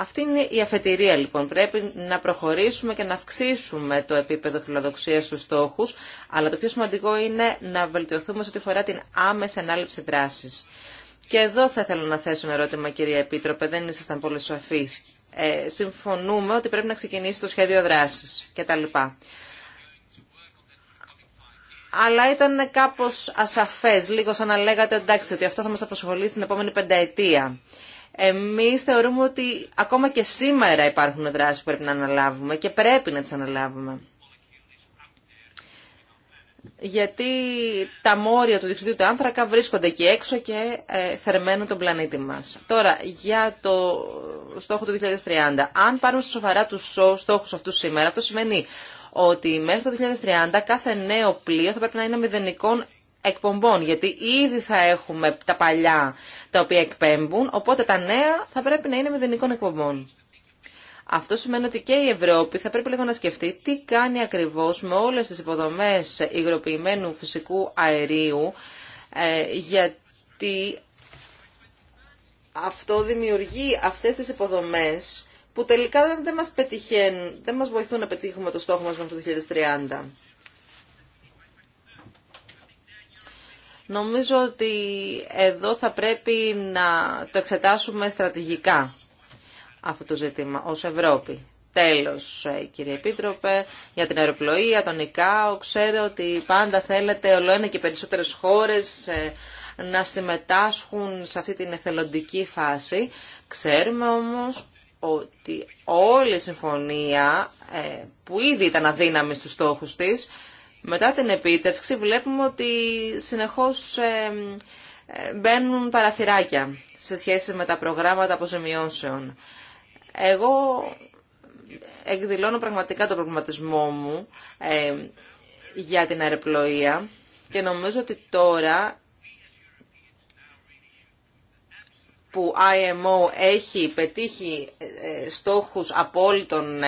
S3: Αυτή είναι η αφετηρία λοιπόν. Πρέπει να προχωρήσουμε και να αυξήσουμε το επίπεδο φιλοδοξία στους στόχους, αλλά το πιο σημαντικό είναι να βελτιωθούμε σε ό,τι φορά την άμεση ανάληψη δράσης. Και εδώ θα ήθελα να θέσω ένα ερώτημα, κυρία Επίτροπε, δεν ήσασταν πολύ σοφείς. Ε, συμφωνούμε ότι πρέπει να ξεκινήσει το σχέδιο δράσης κτλ. Αλλά ήταν κάπως ασαφές, λίγο σαν να λέγατε εντάξει ότι αυτό θα μας απασχολεί την επόμενη πενταετία. Εμείς θεωρούμε ότι ακόμα και σήμερα υπάρχουν δράσει που πρέπει να αναλάβουμε και πρέπει να τι αναλάβουμε. Γιατί τα μόρια του διευθυντήτου, του άνθρακα βρίσκονται εκεί έξω και ε, θερμαίνουν τον πλανήτη μας. Τώρα, για το στόχο του 2030. Αν πάρουμε σοφαρά τους στόχους αυτού σήμερα, αυτό σημαίνει ότι μέχρι το 2030 κάθε νέο πλοίο θα πρέπει να είναι μηδενικών εκπομπών, γιατί ήδη θα έχουμε τα παλιά τα οποία εκπέμπουν, οπότε τα νέα θα πρέπει να είναι μηδενικών εκπομπών. Αυτό σημαίνει ότι και η Ευρώπη θα πρέπει λίγο να σκεφτεί τι κάνει ακριβώς με όλες τις υποδομές υγροποιημένου φυσικού αερίου, ε, γιατί αυτό δημιουργεί αυτές τις υποδομές που τελικά δεν μας, δεν μας βοηθούν να πετύχουμε το στόχο μας μέχρι το 2030. Νομίζω ότι εδώ θα πρέπει να το εξετάσουμε στρατηγικά αυτό το ζήτημα ως Ευρώπη. Τέλος, ε, κύριε Επίτροπε, για την αεροπλοεία, τον ΙΚΑΟ, ξέρω ότι πάντα θέλετε ολοένα και περισσότερες χώρες ε, να συμμετάσχουν σε αυτή την εθελοντική φάση. Ξέρουμε όμως ότι όλη η συμφωνία ε, που ήδη ήταν αδύναμη στους στόχους της μετά την επίτευξη βλέπουμε ότι συνεχώς ε, ε, μπαίνουν παραθυράκια σε σχέση με τα προγράμματα αποζημιώσεων. Εγώ εκδηλώνω πραγματικά τον προγραμματισμό μου ε, για την αεροπλοεία και νομίζω ότι τώρα που IMO έχει πετύχει στόχους απόλυτων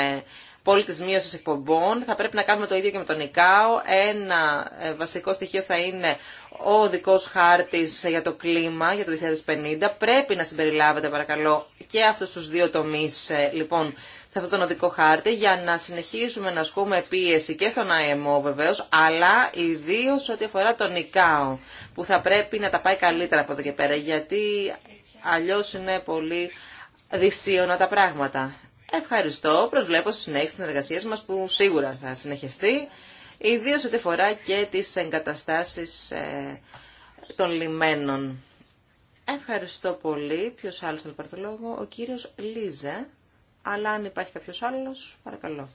S3: απόλυτη μείωση εκπομπών. Θα πρέπει να κάνουμε το ίδιο και με τον ΙΚΑΟ. Ένα ε, βασικό στοιχείο θα είναι ο δικό χάρτη για το κλίμα για το 2050. Πρέπει να συμπεριλάβετε, παρακαλώ, και αυτού του δύο τομεί, ε, λοιπόν, σε αυτόν τον οδικό χάρτη για να συνεχίσουμε να ασκούμε πίεση και στον ΑΕΜΟ βεβαίω, αλλά ιδίω ό,τι αφορά τον ΙΚΑΟ, που θα πρέπει να τα πάει καλύτερα από εδώ και πέρα, γιατί αλλιώ είναι πολύ δυσίωνα τα πράγματα. Ευχαριστώ. Προσβλέπω στη συνέχιση τη συνεργασία μας που σίγουρα θα συνεχιστεί, Ιδίω ό,τι φορά και τις εγκαταστάσεις ε, των λιμένων. Ευχαριστώ πολύ. Ποιο άλλο θα πάρει το λόγο. Ο κύριος Λίζε. Αλλά αν υπάρχει κάποιος άλλος, παρακαλώ.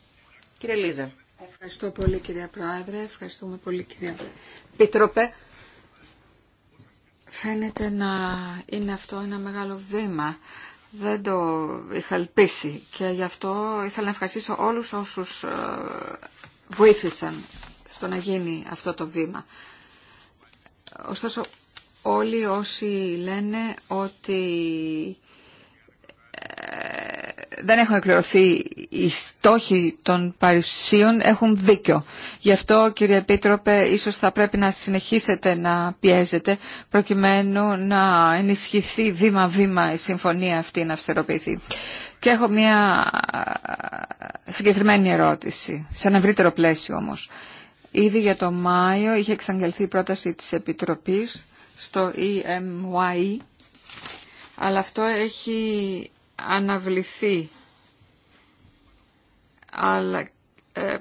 S1: Κύριε Λίζε. Ευχαριστώ πολύ κυρία Πρόεδρε. Ευχαριστούμε πολύ κυρία Πίτροπε. Φαίνεται να είναι αυτό ένα μεγάλο βήμα δεν το είχα ελπίσει και γι' αυτό ήθελα να ευχαριστήσω όλους όσους ε, βοήθησαν στο να γίνει αυτό το βήμα. Ωστόσο, όλοι όσοι λένε ότι δεν έχουν εκπληρωθεί οι στόχοι των παρουσιών έχουν δίκιο. Γι' αυτό κύριε Επίτροπε ίσως θα πρέπει να συνεχίσετε να πιέζετε προκειμένου να ενισχυθεί βήμα-βήμα η συμφωνία αυτή να αυστηροποιηθεί. Και έχω μια συγκεκριμένη ερώτηση, σε ένα ευρύτερο πλαίσιο όμως. Ήδη για το Μάιο είχε εξαγγελθεί η πρόταση της Επιτροπής στο EMYE, αλλά αυτό έχει αναβληθεί αλλά ε,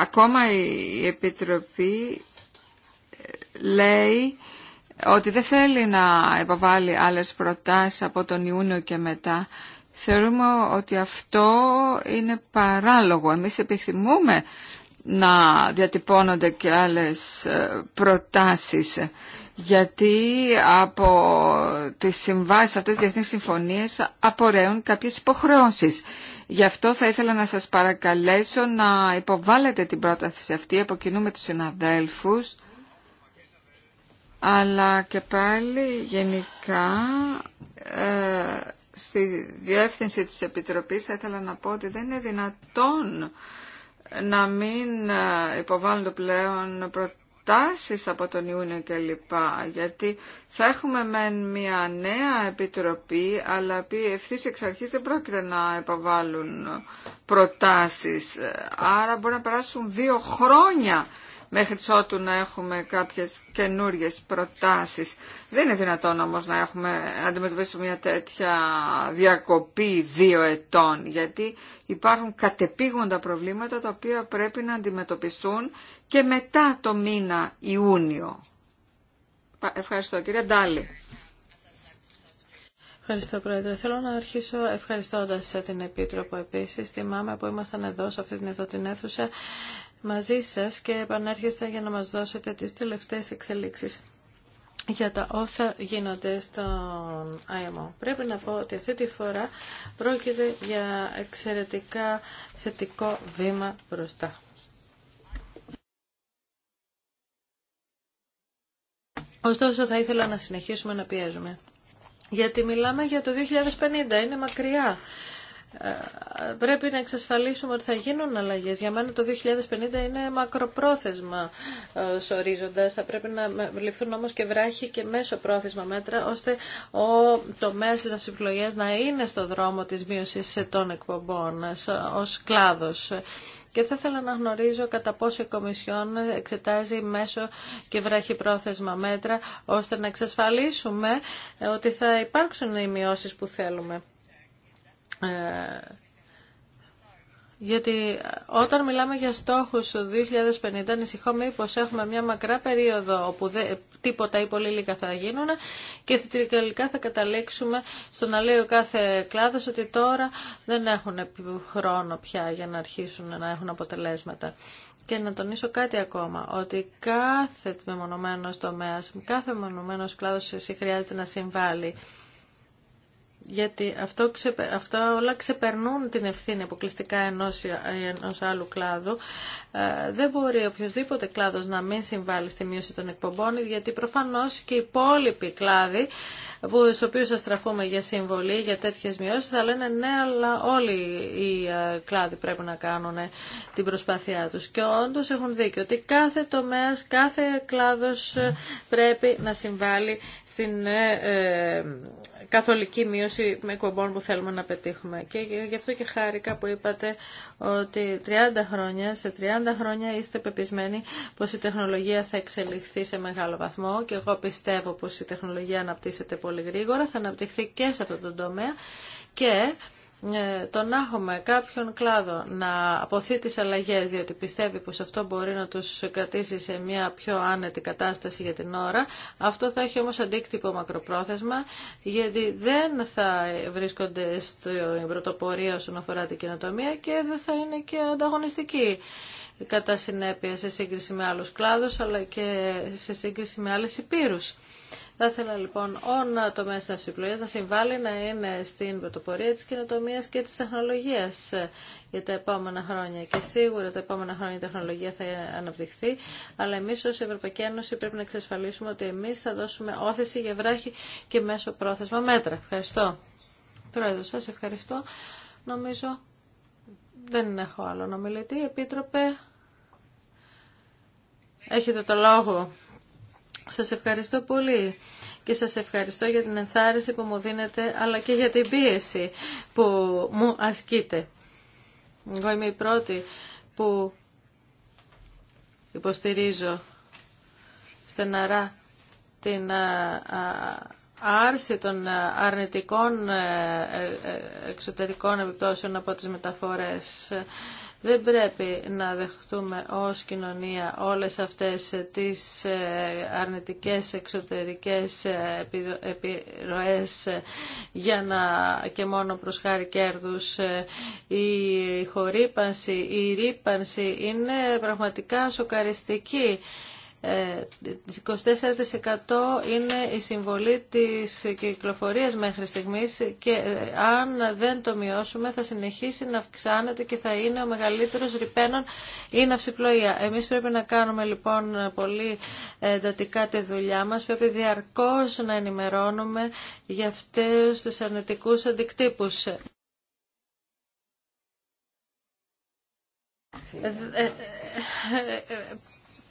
S1: ακόμα η Επιτροπή ε, λέει ότι δεν θέλει να υποβάλει άλλες προτάσεις από τον Ιούνιο και μετά. Θεωρούμε ότι αυτό είναι παράλογο. Εμείς επιθυμούμε να διατυπώνονται και άλλες ε, προτάσεις γιατί από τις συμβάσεις αυτές τις διεθνείς συμφωνίες απορρέουν κάποιες υποχρεώσεις. Γι' αυτό θα ήθελα να σας παρακαλέσω να υποβάλλετε την πρόταση αυτή από κοινού με τους συναδέλφους αλλά και πάλι γενικά ε, στη διεύθυνση της Επιτροπής θα ήθελα να πω ότι δεν είναι δυνατόν να μην ε, υποβάλλονται πλέον προτάσεις από τον Ιούνιο κλπ. Γιατί θα έχουμε μεν μια νέα επιτροπή, αλλά ευθύ εξ αρχής δεν πρόκειται να επαβάλουν προτάσεις. Άρα μπορεί να περάσουν δύο χρόνια μέχρι τις ότου να έχουμε κάποιες καινούριε προτάσεις. Δεν είναι δυνατόν όμως να έχουμε, να αντιμετωπίσουμε μια τέτοια διακοπή δύο ετών, γιατί υπάρχουν κατεπήγοντα προβλήματα τα οποία πρέπει να αντιμετωπιστούν και μετά το μήνα Ιούνιο. Ευχαριστώ. κύριε Ντάλη. Ευχαριστώ, Πρόεδρε.
S2: Θέλω να αρχίσω ευχαριστώντα την Επίτροπο επίση. Θυμάμαι που ήμασταν εδώ, σε αυτή την εδώ αίθουσα, μαζί σα και επανέρχεστε για να μα δώσετε τι τελευταίε εξελίξει για τα όσα γίνονται στον IMO. Πρέπει να πω ότι αυτή τη φορά πρόκειται για εξαιρετικά θετικό βήμα μπροστά. Ωστόσο θα ήθελα να συνεχίσουμε να πιέζουμε. Γιατί μιλάμε για το 2050, είναι μακριά. Ε, πρέπει να εξασφαλίσουμε ότι θα γίνουν αλλαγές. Για μένα το 2050 είναι μακροπρόθεσμα ε, σορίζοντας. Θα πρέπει να ληφθούν όμως και βράχοι και μέσο πρόθεσμα μέτρα, ώστε ο τομέας της αυσυπλογίας να είναι στο δρόμο της μείωσης των εκπομπών ως κλάδος. Και θα ήθελα να γνωρίζω κατά πόσο η Κομισιόν εξετάζει μέσω και βράχει πρόθεσμα μέτρα ώστε να εξασφαλίσουμε ότι θα υπάρξουν οι μειώσεις που θέλουμε. Ε, γιατί όταν μιλάμε για στόχους του 2050, ανησυχώ μήπω έχουμε μια μακρά περίοδο όπου τίποτα ή πολύ λίγα θα γίνουν και τελικά θα καταλήξουμε στο να λέει ο κάθε κλάδος ότι τώρα δεν έχουν χρόνο πια για να αρχίσουν να έχουν αποτελέσματα. Και να τονίσω κάτι ακόμα, ότι κάθε μεμονωμένος τομέας, κάθε μεμονωμένος κλάδος εσύ χρειάζεται να συμβάλλει γιατί αυτό, αυτά όλα ξεπερνούν την ευθύνη αποκλειστικά ενός, ενός άλλου κλάδου. Ε, δεν μπορεί οποιοδήποτε κλάδος να μην συμβάλλει στη μείωση των εκπομπών, γιατί προφανώς και οι υπόλοιποι κλάδοι, που, στους οποίους αστραφούμε για συμβολή, για τέτοιες μειώσεις, θα λένε ναι, αλλά όλοι οι ε, κλάδοι πρέπει να κάνουν ε, την προσπάθειά τους. Και όντω έχουν δίκιο ότι κάθε τομέας, κάθε κλάδος πρέπει να συμβάλλει στην καθολική μείωση με εκπομπών που θέλουμε να πετύχουμε. Και γι' αυτό και χάρηκα που είπατε ότι 30 χρόνια, σε 30 χρόνια είστε πεπισμένοι πως η τεχνολογία θα εξελιχθεί σε μεγάλο βαθμό και εγώ πιστεύω πως η τεχνολογία αναπτύσσεται πολύ γρήγορα, θα αναπτυχθεί και σε αυτό το τομέα και ε, το να έχουμε κάποιον κλάδο να αποθεί τις αλλαγές διότι πιστεύει πως αυτό μπορεί να τους κρατήσει σε μια πιο άνετη κατάσταση για την ώρα αυτό θα έχει όμως αντίκτυπο μακροπρόθεσμα γιατί δεν θα βρίσκονται στην πρωτοπορία όσον αφορά την κοινοτομία και δεν θα είναι και ανταγωνιστική κατά συνέπεια σε σύγκριση με άλλους κλάδους αλλά και σε σύγκριση με άλλες υπήρους. Θα ήθελα λοιπόν ο το τη αυσιπλοεία να συμβάλλει να είναι στην πρωτοπορία τη καινοτομία και τη τεχνολογία για τα επόμενα χρόνια. Και σίγουρα τα επόμενα χρόνια η τεχνολογία θα αναπτυχθεί, αλλά εμείς ως Ευρωπαϊκή Ένωση πρέπει να εξασφαλίσουμε ότι εμεί θα δώσουμε όθηση για βράχη και μέσω πρόθεσμα μέτρα. Ευχαριστώ. Πρόεδρο, σα ευχαριστώ. Νομίζω δεν έχω άλλο να Επίτροπε, έχετε το λόγο. Σας ευχαριστώ πολύ και σας ευχαριστώ για την ενθάρρυνση που μου δίνετε αλλά και για την πίεση που μου ασκείτε. Εγώ είμαι η πρώτη που υποστηρίζω στεναρά την άρση των αρνητικών ε, ε, ε, εξωτερικών επιπτώσεων από τις μεταφορές δεν πρέπει να δεχτούμε ως κοινωνία όλες αυτές τις ε, αρνητικές εξωτερικές ε, επιρροές ε, για να και μόνο προς χάρη κέρδους. Η χορύπανση, η ρήπανση είναι πραγματικά σοκαριστική. 24% ε, είναι η συμβολή της κυκλοφορίας μέχρι στιγμής και ε, αν δεν το μειώσουμε θα συνεχίσει να αυξάνεται και θα είναι ο μεγαλύτερος ρηπαίνων η ναυσιπλοεία. Εμείς πρέπει να κάνουμε λοιπόν πολύ εντατικά τη δουλειά μας. Πρέπει διαρκώς να ενημερώνουμε για αυτές τις αρνητικούς αντικτύπους. Ε,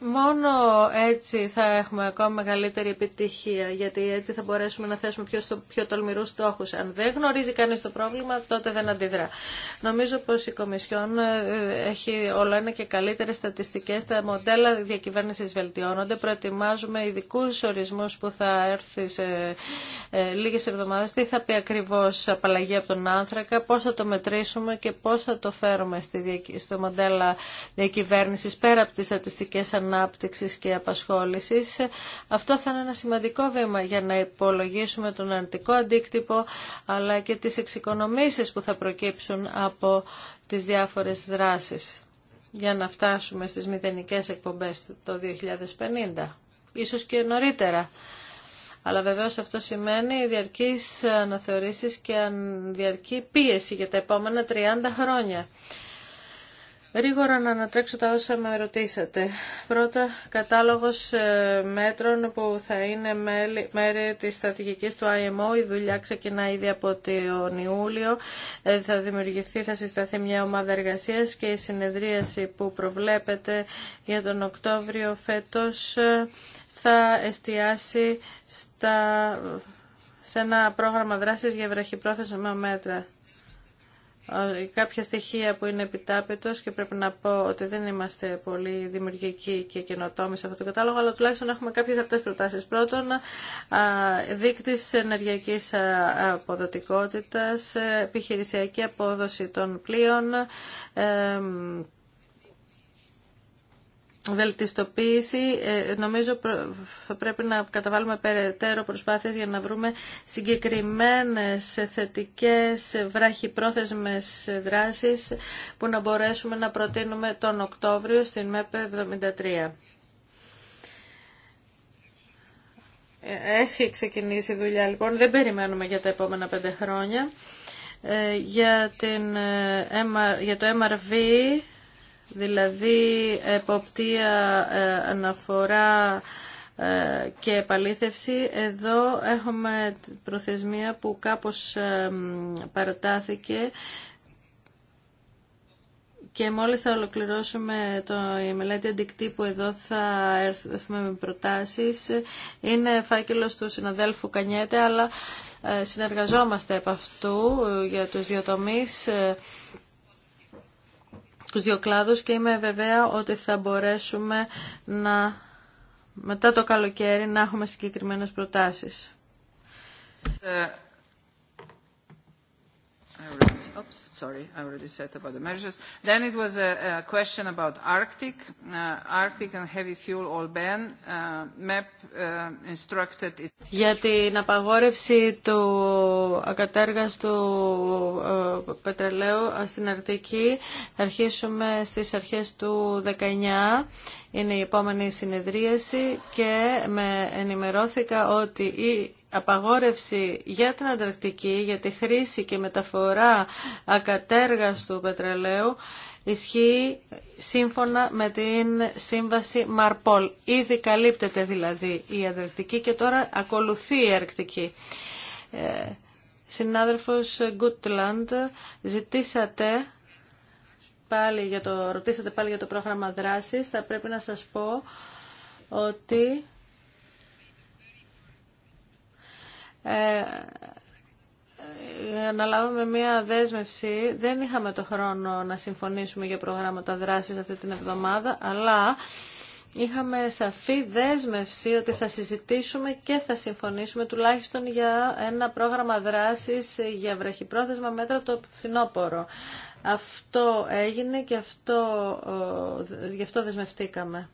S2: Μόνο έτσι θα έχουμε ακόμα μεγαλύτερη επιτυχία, γιατί έτσι θα μπορέσουμε να θέσουμε πιο, στο, πιο τολμηρούς στόχους. Αν δεν γνωρίζει κανείς το πρόβλημα, τότε δεν αντιδρά. Νομίζω πως η Κομισιόν ε, έχει όλο ένα και καλύτερες στατιστικές, τα μοντέλα διακυβέρνησης βελτιώνονται, προετοιμάζουμε ειδικού ορισμούς που θα έρθει σε ε, λίγες εβδομάδες, τι θα πει ακριβώς απαλλαγή από τον άνθρακα, πώς θα το μετρήσουμε και πώς θα το φέρουμε στη, στο μοντέλα διακυβέρνησης πέρα από τις στατιστικές ανάγκες ανάπτυξης και απασχόλησης. Αυτό θα είναι ένα σημαντικό βήμα για να υπολογίσουμε τον αρνητικό αντίκτυπο αλλά και τις εξοικονομήσεις που θα προκύψουν από τις διάφορες δράσεις για να φτάσουμε στις μηδενικές εκπομπές το 2050, ίσως και νωρίτερα. Αλλά βεβαίως αυτό σημαίνει διαρκείς αναθεωρήσεις και διαρκή πίεση για τα επόμενα 30 χρόνια. Γρήγορα να ανατρέξω τα όσα με ρωτήσατε. Πρώτα, κατάλογος ε, μέτρων που θα είναι μέρη της στρατηγικής του IMO. Η δουλειά ξεκινά ήδη από τον Ιούλιο. Ε, θα δημιουργηθεί, θα συσταθεί μια ομάδα εργασίας και η συνεδρίαση που προβλέπεται για τον Οκτώβριο φέτος ε, θα εστιάσει στα, σε ένα πρόγραμμα δράσης για βραχυπρόθεσμα μέτρα κάποια στοιχεία που είναι επιτάπητος και πρέπει να πω ότι δεν είμαστε πολύ δημιουργικοί και καινοτόμοι σε αυτό το κατάλογο, αλλά τουλάχιστον έχουμε κάποιες αυτές προτάσεις. Πρώτον, δείκτης ενεργειακής αποδοτικότητας, ε, επιχειρησιακή απόδοση των πλοίων, ε, βελτιστοποίηση ε, νομίζω θα πρέπει να καταβάλουμε περαιτέρω προσπάθειες για να βρούμε συγκεκριμένες θετικές πρόθεσμες δράσεις που να μπορέσουμε να προτείνουμε τον Οκτώβριο στην ΜΕΠΕ 73. Έχει ξεκινήσει η δουλειά λοιπόν, δεν περιμένουμε για τα επόμενα πέντε χρόνια. Ε, για, την, ε, για το MRV δηλαδή εποπτεία ε, αναφορά ε, και επαλήθευση. Εδώ έχουμε προθεσμία που κάπως ε, παρατάθηκε και μόλις θα ολοκληρώσουμε το, η μελέτη αντικτύπου εδώ θα έρθουμε με προτάσεις. Είναι φάκελος του συναδέλφου Κανιέτε, αλλά συνεργαζόμαστε από αυτού για τους δύο τομείς τους δύο κλάδους και είμαι βεβαία ότι θα μπορέσουμε να, μετά το καλοκαίρι να έχουμε συγκεκριμένες προτάσεις.
S1: Ε, sorry, I already said about the measures. Then it was a, question about Arctic, uh, Arctic and heavy fuel oil ban. Uh, MEP uh, instructed it.
S2: Για την απαγόρευση του ακατέργαστου ε, πετρελαίου στην Αρκτική θα αρχίσουμε στις αρχές του 2019, Είναι η επόμενη συνεδρίαση και με ενημερώθηκα ότι η απαγόρευση για την Ανταρκτική, για τη χρήση και μεταφορά ακατέργαστου πετρελαίου ισχύει σύμφωνα με την σύμβαση Μαρπόλ. Ήδη καλύπτεται δηλαδή η Ανταρκτική και τώρα ακολουθεί η Αρκτική. Ε, συνάδελφος Γκούτλαντ, ζητήσατε πάλι για το, ρωτήσατε πάλι για το πρόγραμμα δράσης. Θα πρέπει να σας πω ότι αναλάβαμε ε, ε, μία δέσμευση. Δεν είχαμε το χρόνο να συμφωνήσουμε για προγράμματα δράσης αυτή την εβδομάδα, αλλά είχαμε σαφή δέσμευση ότι θα συζητήσουμε και θα συμφωνήσουμε τουλάχιστον για ένα πρόγραμμα δράσης για βραχυπρόθεσμα μέτρα το φθινόπωρο. Αυτό έγινε και αυτό, ε, γι' αυτό δεσμευτήκαμε.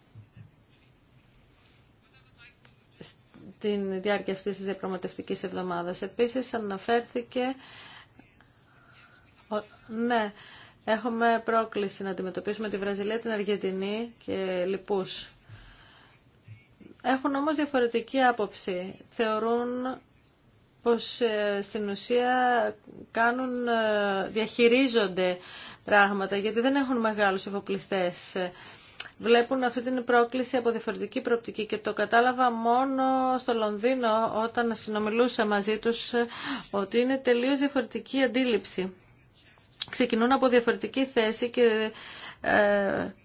S2: την διάρκεια αυτής της διαπραγματευτικής εβδομάδας. Επίσης αναφέρθηκε... Ναι, έχουμε πρόκληση να αντιμετωπίσουμε τη Βραζιλία, την Αργεντινή και λοιπούς. Έχουν όμως διαφορετική άποψη. Θεωρούν πως ε, στην ουσία κάνουν, ε, διαχειρίζονται πράγματα γιατί δεν έχουν μεγάλους εφοπλιστές βλέπουν αυτή την πρόκληση από διαφορετική προοπτική και το κατάλαβα μόνο στο Λονδίνο όταν συνομιλούσα μαζί τους ε, ότι είναι τελείως διαφορετική αντίληψη ξεκινούν από διαφορετική θέση και ε,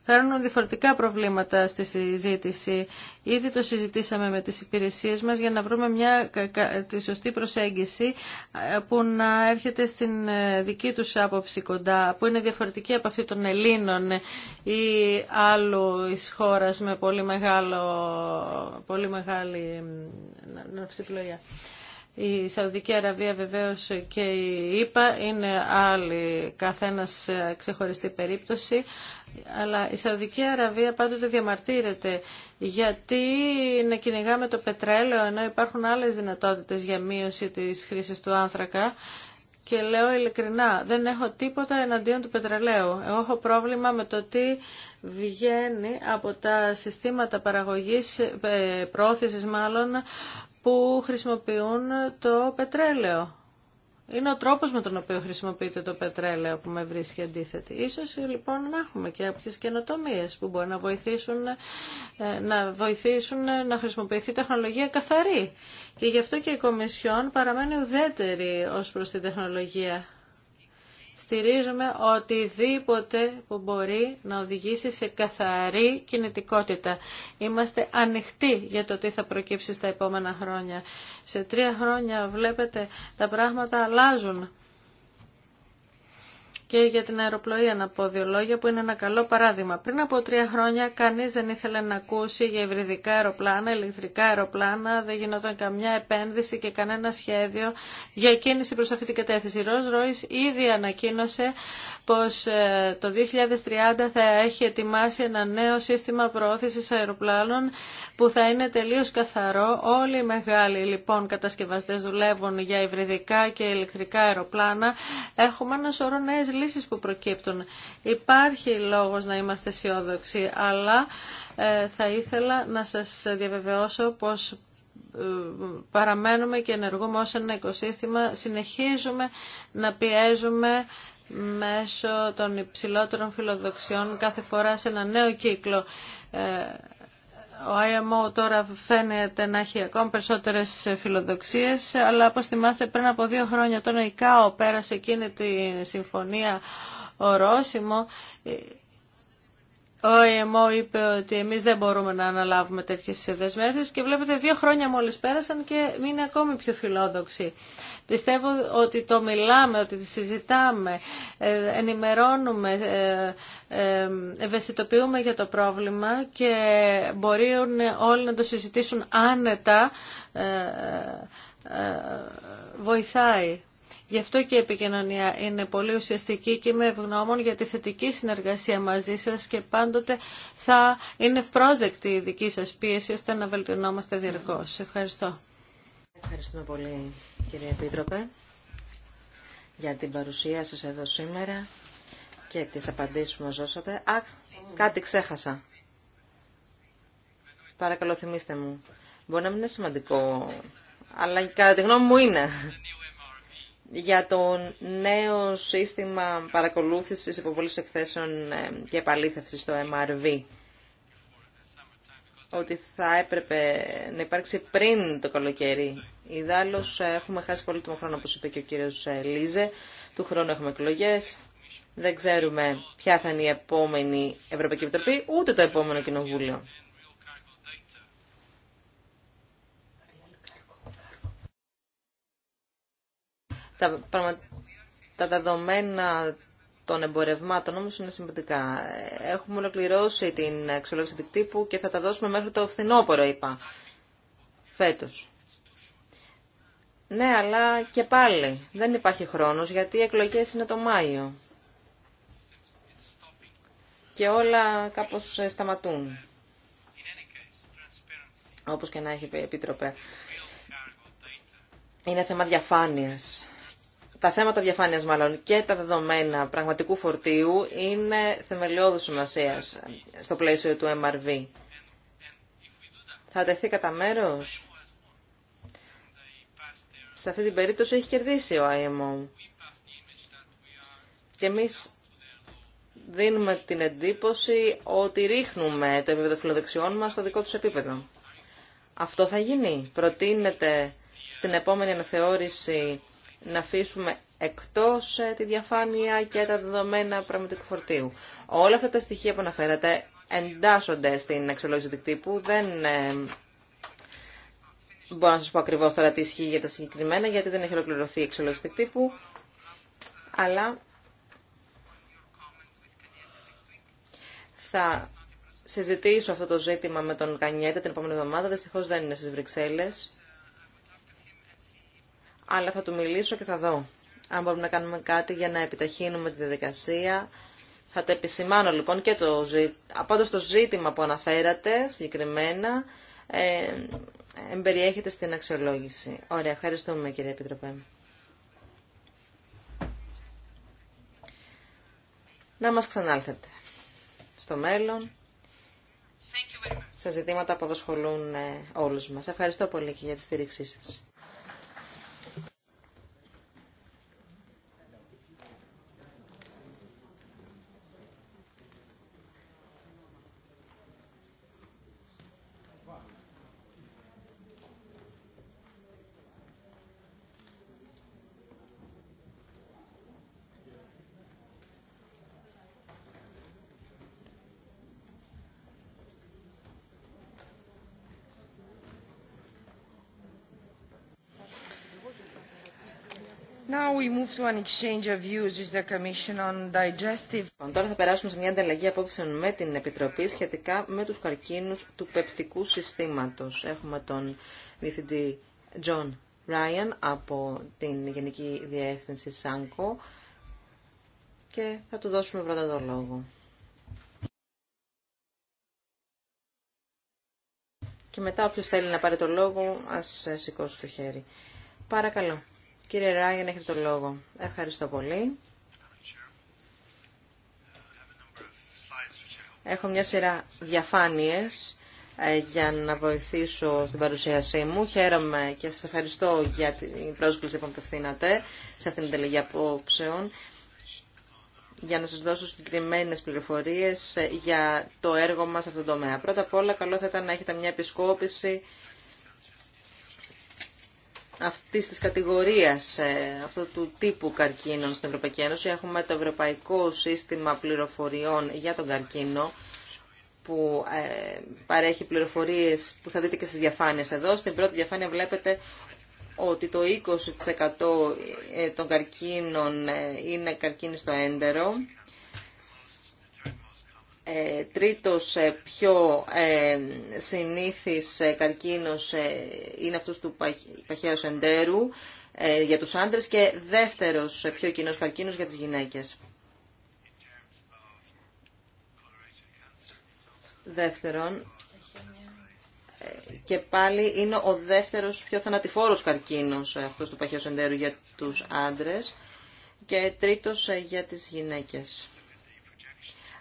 S2: φέρνουν διαφορετικά προβλήματα στη συζήτηση. Ήδη το συζητήσαμε με τις υπηρεσίες μας για να βρούμε μια, τη σωστή προσέγγιση ε, που να έρχεται στην ε, δική τους άποψη κοντά, που είναι διαφορετική από αυτή των Ελλήνων ή άλλου εις χώρας με πολύ, μεγάλο, πολύ μεγάλη ναυσιπλοεία. Η Σαουδική Αραβία βεβαίως και η ΙΠΑ είναι άλλη καθένας ε, ξεχωριστή περίπτωση. Αλλά η Σαουδική Αραβία πάντοτε διαμαρτύρεται γιατί να κυνηγάμε το πετρέλαιο ενώ υπάρχουν άλλες δυνατότητες για μείωση της χρήσης του άνθρακα. Και λέω ειλικρινά, δεν έχω τίποτα εναντίον του πετρελαίου. Εγώ έχω πρόβλημα με το τι βγαίνει από τα συστήματα παραγωγής, ε, πρόθεσης μάλλον, που χρησιμοποιούν το πετρέλαιο. Είναι ο τρόπος με τον οποίο χρησιμοποιείται το πετρέλαιο που με βρίσκει αντίθετη. Ίσως λοιπόν να έχουμε και κάποιε καινοτομίε που μπορεί να βοηθήσουν, ε, να βοηθήσουν να χρησιμοποιηθεί τεχνολογία καθαρή. Και γι' αυτό και η Κομισιόν παραμένει ουδέτερη ως προς την τεχνολογία στηρίζουμε οτιδήποτε που μπορεί να οδηγήσει σε καθαρή κινητικότητα. Είμαστε ανοιχτοί για το τι θα προκύψει στα επόμενα χρόνια. Σε τρία χρόνια βλέπετε τα πράγματα αλλάζουν και για την αεροπλοεία να πω δύο λόγια που είναι ένα καλό παράδειγμα. Πριν από τρία χρόνια κανείς δεν ήθελε να ακούσει για υβριδικά αεροπλάνα, ηλεκτρικά αεροπλάνα, δεν γινόταν καμιά επένδυση και κανένα σχέδιο για κίνηση προς αυτή την κατεύθυνση. Η Rolls Royce ήδη ανακοίνωσε πως ε, το 2030 θα έχει ετοιμάσει ένα νέο σύστημα προώθησης αεροπλάνων που θα είναι τελείως καθαρό. Όλοι οι μεγάλοι λοιπόν κατασκευαστές δουλεύουν για υβριδικά και ηλεκτρικά αεροπλάνα. Έχουμε ένα σωρό που προκύπτουν. Υπάρχει λόγος να είμαστε αισιόδοξοι, αλλά ε, θα ήθελα να σας διαβεβαιώσω πως ε, παραμένουμε και ενεργούμε ως ένα οικοσύστημα, συνεχίζουμε να πιέζουμε μέσω των υψηλότερων φιλοδοξιών κάθε φορά σε ένα νέο κύκλο ε, ο IMO τώρα φαίνεται να έχει ακόμα περισσότερες φιλοδοξίες, αλλά όπως θυμάστε πριν από δύο χρόνια τον ΙΚΑΟ πέρασε εκείνη τη συμφωνία ορόσημο ε, ο ΕΜΟ είπε ότι εμείς δεν μπορούμε να αναλάβουμε τέτοιες δεσμεύσεις και βλέπετε δύο χρόνια μόλις πέρασαν και είναι ακόμη πιο φιλόδοξοι. Πιστεύω ότι το μιλάμε, ότι τη συζητάμε, ε, ενημερώνουμε, ε, ε, ευαισθητοποιούμε για το πρόβλημα και μπορούν όλοι να το συζητήσουν άνετα, βοηθάει. Γι' αυτό και η επικοινωνία είναι πολύ ουσιαστική και είμαι ευγνώμων για τη θετική συνεργασία μαζί σας και πάντοτε θα είναι ευπρόσδεκτη η δική σας πίεση ώστε να βελτιωνόμαστε διαρκώς.
S3: Ευχαριστώ. Ευχαριστούμε πολύ κύριε Επίτροπε για την παρουσία σας εδώ σήμερα και τις απαντήσεις που μας δώσατε. Α, κάτι ξέχασα. Παρακαλώ θυμίστε μου. Μπορεί να μην είναι σημαντικό, αλλά κατά τη γνώμη μου είναι για το νέο σύστημα παρακολούθησης υποβολής εκθέσεων ε, και επαλήθευσης στο MRV ότι θα έπρεπε να υπάρξει πριν το καλοκαίρι. Ιδάλλως ε, έχουμε χάσει πολύ τον χρόνο, όπως είπε και ο κύριος ε, Λίζε. Του χρόνου έχουμε εκλογέ. Δεν ξέρουμε ποια θα είναι η επόμενη Ευρωπαϊκή Επιτροπή, ούτε το επόμενο Κοινοβούλιο. Τα, τα δεδομένα των εμπορευμάτων όμως είναι σημαντικά. Έχουμε ολοκληρώσει την εξολόγηση δικτύπου και θα τα δώσουμε μέχρι το φθινόπωρο, είπα, φέτος. Ναι, αλλά και πάλι δεν υπάρχει χρόνος γιατί οι εκλογές είναι το Μάιο. Και όλα κάπως ε, σταματούν. Όπως και να έχει επίτροπε. Είναι θέμα διαφάνειας τα θέματα διαφάνεια μάλλον και τα δεδομένα πραγματικού φορτίου είναι θεμελιώδου σημασία στο πλαίσιο του MRV. Θα τεθεί κατά μέρο. Σε αυτή την περίπτωση έχει κερδίσει ο IMO. Και εμεί δίνουμε την εντύπωση ότι ρίχνουμε το επίπεδο φιλοδεξιών μας στο δικό του επίπεδο. Αυτό θα γίνει. Προτείνεται στην επόμενη αναθεώρηση να αφήσουμε εκτός ε, τη διαφάνεια και τα δεδομένα πραγματικού φορτίου. Όλα αυτά τα στοιχεία που αναφέρατε εντάσσονται στην αξιολόγηση τύπου. Δεν ε, μπορώ να σας πω ακριβώς τώρα τι ισχύει για τα συγκεκριμένα, γιατί δεν έχει ολοκληρωθεί η αξιολόγηση δικτύπου. Αλλά θα συζητήσω αυτό το ζήτημα με τον Κανιέτα την επόμενη εβδομάδα. Δυστυχώ δεν είναι στις Βρυξέλλες αλλά θα του μιλήσω και θα δω. Αν μπορούμε να κάνουμε κάτι για να επιταχύνουμε τη διαδικασία, θα το επισημάνω λοιπόν και το ζήτημα. το ζήτημα που αναφέρατε συγκεκριμένα ε, εμπεριέχεται στην αξιολόγηση. Ωραία, ευχαριστούμε κύριε Επιτροπέ. Να μας ξανάλθετε στο μέλλον σε ζητήματα που απασχολούν ε, όλους μας. Ευχαριστώ πολύ και για τη στήριξή σας. Τώρα θα περάσουμε σε μια ανταλλαγή απόψεων με την Επιτροπή σχετικά με τους καρκίνους του πεπτικού συστήματος. Έχουμε τον Διευθυντή John Ryan από την Γενική Διεύθυνση ΣΑΝΚΟ και θα του δώσουμε πρώτα τον λόγο. Και μετά όποιος θέλει να πάρει τον λόγο, ας σηκώσει το χέρι. Παρακαλώ. Κύριε Ράγεν, έχετε το λόγο. Ευχαριστώ πολύ. Έχω μια σειρά διαφάνειες ε, για να βοηθήσω στην παρουσίασή μου. Χαίρομαι και σας ευχαριστώ για την πρόσκληση που απευθύνατε σε αυτήν την τελεγή απόψεων για να σας δώσω συγκεκριμένες πληροφορίες ε, για το έργο μας σε αυτόν τον τομέα. Πρώτα απ' όλα, καλό θα ήταν να έχετε μια επισκόπηση αυτής της κατηγορίας, ε, αυτού του τύπου καρκίνων στην Ευρωπαϊκή Ένωση. Έχουμε το Ευρωπαϊκό Σύστημα Πληροφοριών για τον Καρκίνο, που ε, παρέχει πληροφορίες που θα δείτε και στις διαφάνειες εδώ. Στην πρώτη διαφάνεια βλέπετε ότι το 20% ε, των καρκίνων είναι καρκίνοι στο έντερο ε, τρίτος ε, πιο ε, συνήθις ε, καρκίνος είναι αυτός του παχαίου εντέρου για τους άντρες και δεύτερος πιο κοινός καρκίνος για τις γυναίκες. Δεύτερον, και πάλι είναι ο δεύτερος πιο θανατηφόρος καρκίνος αυτός του παχαίου εντέρου για τους άντρες και τρίτος για τις γυναίκες.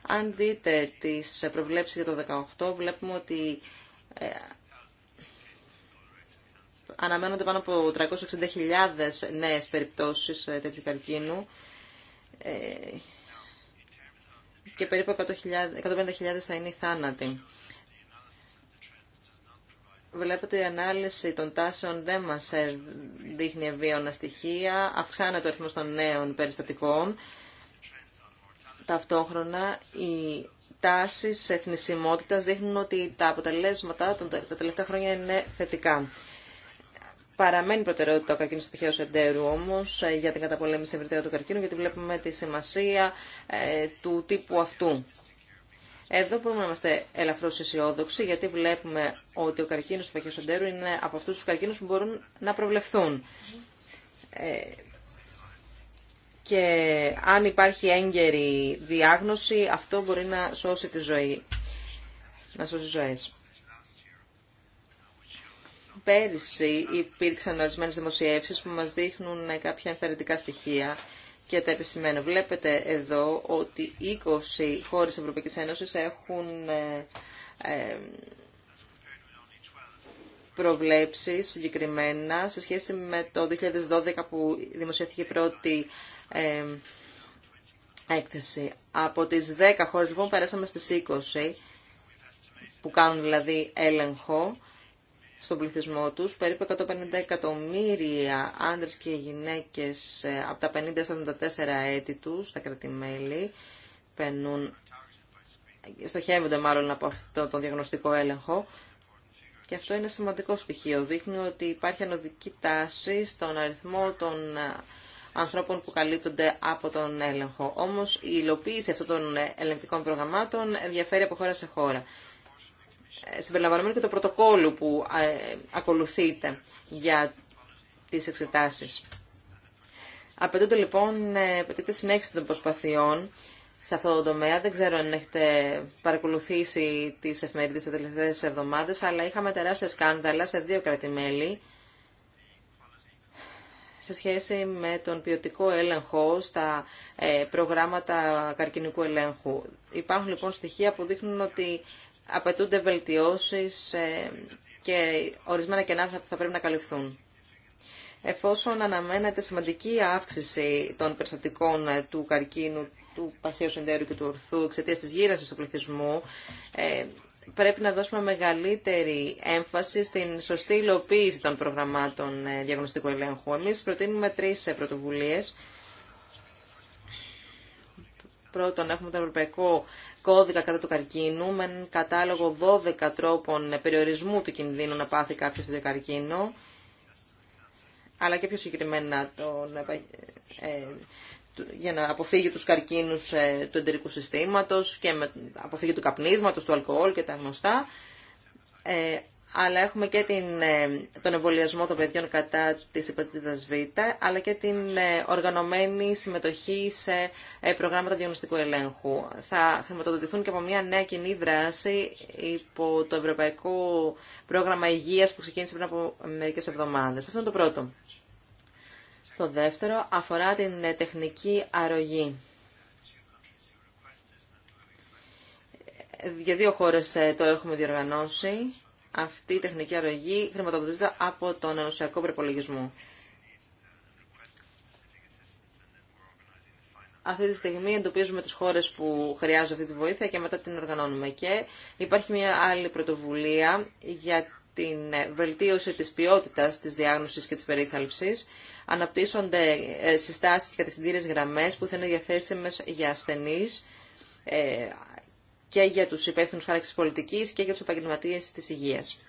S3: Αν δείτε τις προβλέψεις για το 2018, βλέπουμε ότι ε, αναμένονται πάνω από 360.000 νέες περιπτώσεις ε, τέτοιου καρκίνου ε, και περίπου 150.000 θα είναι οι θάνατοι. Βλέπετε η ανάλυση των τάσεων δεν μας δείχνει ευβίωνα στοιχεία, αυξάνεται ο αριθμός των νέων περιστατικών Ταυτόχρονα, οι τάσει εθνισμότητα δείχνουν ότι τα αποτελέσματα τα τελευταία χρόνια είναι θετικά. Παραμένει προτεραιότητα ο καρκίνο του τυχαίου εντέρου όμω ε, για την καταπολέμηση ευρύτερα του καρκίνου, γιατί βλέπουμε τη σημασία ε, του τύπου αυτού. Εδώ μπορούμε να είμαστε ελαφρώ αισιόδοξοι, γιατί βλέπουμε ότι ο καρκίνο του τυχαίου εντέρου είναι από αυτού του καρκίνου που μπορούν να προβλεφθούν. Ε, και αν υπάρχει έγκαιρη διάγνωση αυτό μπορεί να σώσει τη ζωή, να σώσει ζωές. Πέρυσι υπήρξαν ορισμένες δημοσιεύσεις που μας δείχνουν κάποια ενθαρρυντικά στοιχεία και τα επισημαίνω. Βλέπετε εδώ ότι 20 χώρες Ευρωπαϊκής Ένωσης έχουν ε, ε, προβλέψει συγκεκριμένα σε σχέση με το 2012 που δημοσίευθηκε πρώτη ε, έκθεση. Από τις 10 χώρες λοιπόν πέρασαμε στις 20 που κάνουν δηλαδή έλεγχο στον πληθυσμό τους. Περίπου 150 εκατομμύρια άνδρες και γυναίκες ε, από τα 50 74 έτη τους, τα κρατημέλη, στοχεύονται μάλλον από αυτό τον διαγνωστικό έλεγχο. Και αυτό είναι σημαντικό στοιχείο. Δείχνει ότι υπάρχει ανωδική τάση στον αριθμό των ανθρώπων που καλύπτονται από τον έλεγχο. Όμω, η υλοποίηση αυτών των ελεγκτικών προγραμμάτων ενδιαφέρει από χώρα σε χώρα. Ε, συμπεριλαμβανομένου και το πρωτοκόλλο που ε, ακολουθείτε για τις εξετάσεις. Απαιτούνται λοιπόν, ε, απαιτείται συνέχιση των προσπαθειών σε αυτό το τομέα. Δεν ξέρω αν έχετε παρακολουθήσει τις εφημερίδες τις τελευταίες εβδομάδες, αλλά είχαμε τεράστια σκάνδαλα σε δύο κρατημέλη σε σχέση με τον ποιοτικό έλεγχο στα ε, προγράμματα καρκινικού ελέγχου. Υπάρχουν λοιπόν στοιχεία που δείχνουν ότι απαιτούνται βελτιώσεις ε, και ορισμένα κενά θα πρέπει να καλυφθούν. Εφόσον αναμένεται σημαντική αύξηση των περιστατικών ε, του καρκίνου, του παχαίου συντέρου και του ορθού εξαιτία τη γύρανση του πληθυσμού, πρέπει να δώσουμε μεγαλύτερη έμφαση στην σωστή υλοποίηση των προγραμμάτων ε, διαγνωστικού ελέγχου. Εμείς προτείνουμε τρεις ε, πρωτοβουλίες. Πρώτον, έχουμε τον Ευρωπαϊκό Κώδικα κατά του καρκίνου με έναν κατάλογο 12 τρόπων ε, περιορισμού του κινδύνου να πάθει κάποιος το καρκίνο αλλά και πιο συγκεκριμένα τον για να αποφύγει τους καρκίνους ε, του εντερικού συστήματος και με, αποφύγει του καπνίσματος, του αλκοόλ και τα γνωστά. Ε, αλλά έχουμε και την, ε, τον εμβολιασμό των παιδιών κατά της υπατήτητας Β, αλλά και την οργανωμένη συμμετοχή σε προγράμματα διαγνωστικού ελέγχου. Θα χρηματοδοτηθούν και από μια νέα κοινή δράση υπό το Ευρωπαϊκό Πρόγραμμα Υγείας που ξεκίνησε πριν από μερικές εβδομάδες. Αυτό είναι το πρώτο. Το δεύτερο αφορά την ε, τεχνική αρρωγή. Ε, για δύο χώρες ε, το έχουμε διοργανώσει. Αυτή η τεχνική αρρωγή χρηματοδοτείται από τον ενωσιακό προπολογισμό. Αυτή τη στιγμή εντοπίζουμε τις χώρες που χρειάζονται αυτή τη βοήθεια και μετά την οργανώνουμε. Και υπάρχει μια άλλη πρωτοβουλία για την βελτίωση της ποιότητας της διάγνωσης και της περίθαλψης. Αναπτύσσονται ε, συστάσεις και κατευθυντήρες γραμμές που θα είναι διαθέσιμες για ασθενείς ε, και για τους υπεύθυνους χάραξης πολιτικής και για τους επαγγελματίε της υγείας.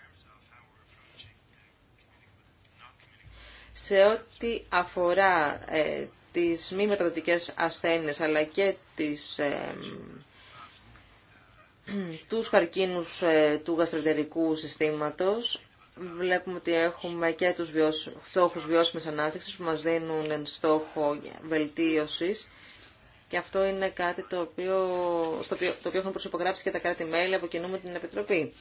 S3: Σε ό,τι αφορά ε, τις μη μεταδοτικές ασθένειες αλλά και τις τους καρκίνους ε, του γαστροεντερικού συστήματος. Βλέπουμε ότι έχουμε και τους στόχους βιώσιμης ανάπτυξης που μας δίνουν στόχο βελτίωσης και αυτό είναι κάτι το οποίο, στο οποίο, το οποίο έχουν προσυπογράψει και τα κράτη-μέλη από κοινού με την Επιτροπή.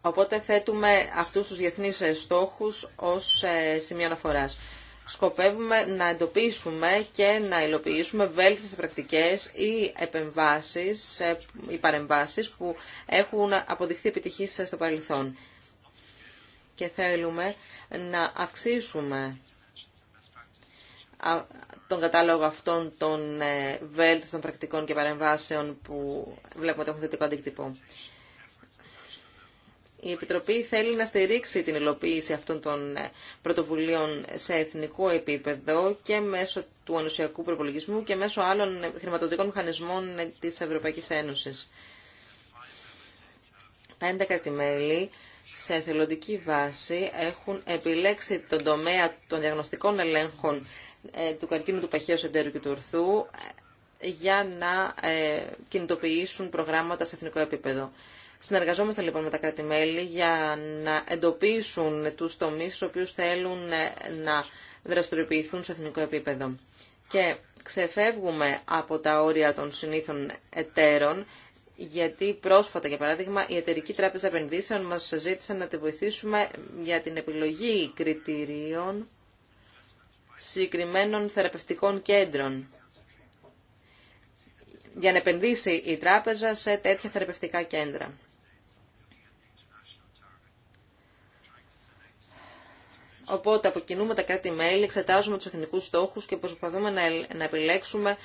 S3: Οπότε θέτουμε αυτούς τους διεθνείς ε, στόχους ως ε, σημείο αναφοράς σκοπεύουμε να εντοπίσουμε και να υλοποιήσουμε βέλτιστες πρακτικές ή επεμβάσεις ή ε, παρεμβάσεις που έχουν αποδειχθεί επιτυχία στο παρελθόν. Και θέλουμε να αυξήσουμε τον κατάλογο αυτών των ε, βέλτιστων πρακτικών και παρεμβάσεων που βλέπουμε ότι έχουν θετικό αντίκτυπο η Επιτροπή θέλει να στηρίξει την υλοποίηση αυτών των ε, πρωτοβουλίων σε εθνικό επίπεδο και μέσω του ανοσιακού προπολογισμού και μέσω άλλων ε, χρηματοδοτικών μηχανισμών ε, της Ευρωπαϊκής Ένωσης. Πέντε κρατημέλη σε εθελοντική βάση έχουν επιλέξει τον τομέα των διαγνωστικών ελέγχων του καρκίνου του παχαίου εντέρου και του ορθού για να κινητοποιήσουν προγράμματα σε εθνικό επίπεδο. Συνεργαζόμαστε λοιπόν με τα κράτη-μέλη για να εντοπίσουν τους τομείς στου οποίους θέλουν να δραστηριοποιηθούν σε εθνικό επίπεδο. Και ξεφεύγουμε από τα όρια των συνήθων εταίρων, γιατί πρόσφατα, για παράδειγμα, η Εταιρική Τράπεζα Επενδύσεων μας ζήτησε να τη βοηθήσουμε για την επιλογή κριτηρίων συγκεκριμένων θεραπευτικών κέντρων για να επενδύσει η τράπεζα σε τέτοια θεραπευτικά κέντρα. Οπότε αποκινούμε τα κράτη-μέλη εξετάζουμε τους εθνικούς στόχους και προσπαθούμε να επιλέξουμε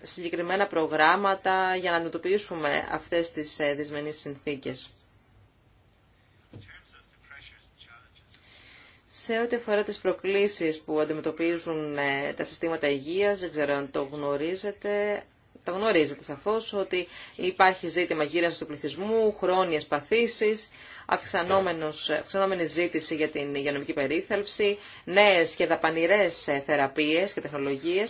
S3: συγκεκριμένα προγράμματα για να αντιμετωπίσουμε αυτές τις ε, δυσμενείς συνθήκες. Σε ό,τι αφορά τις προκλήσεις που αντιμετωπίζουν ε, τα συστήματα υγείας, δεν ξέρω αν το γνωρίζετε, το γνωρίζετε σαφώ, ότι υπάρχει ζήτημα γύρανση του πληθυσμού, χρόνιε παθήσει, αυξανόμενη ζήτηση για την υγειονομική περίθαλψη, νέε και δαπανηρέ ε, θεραπείες και τεχνολογίε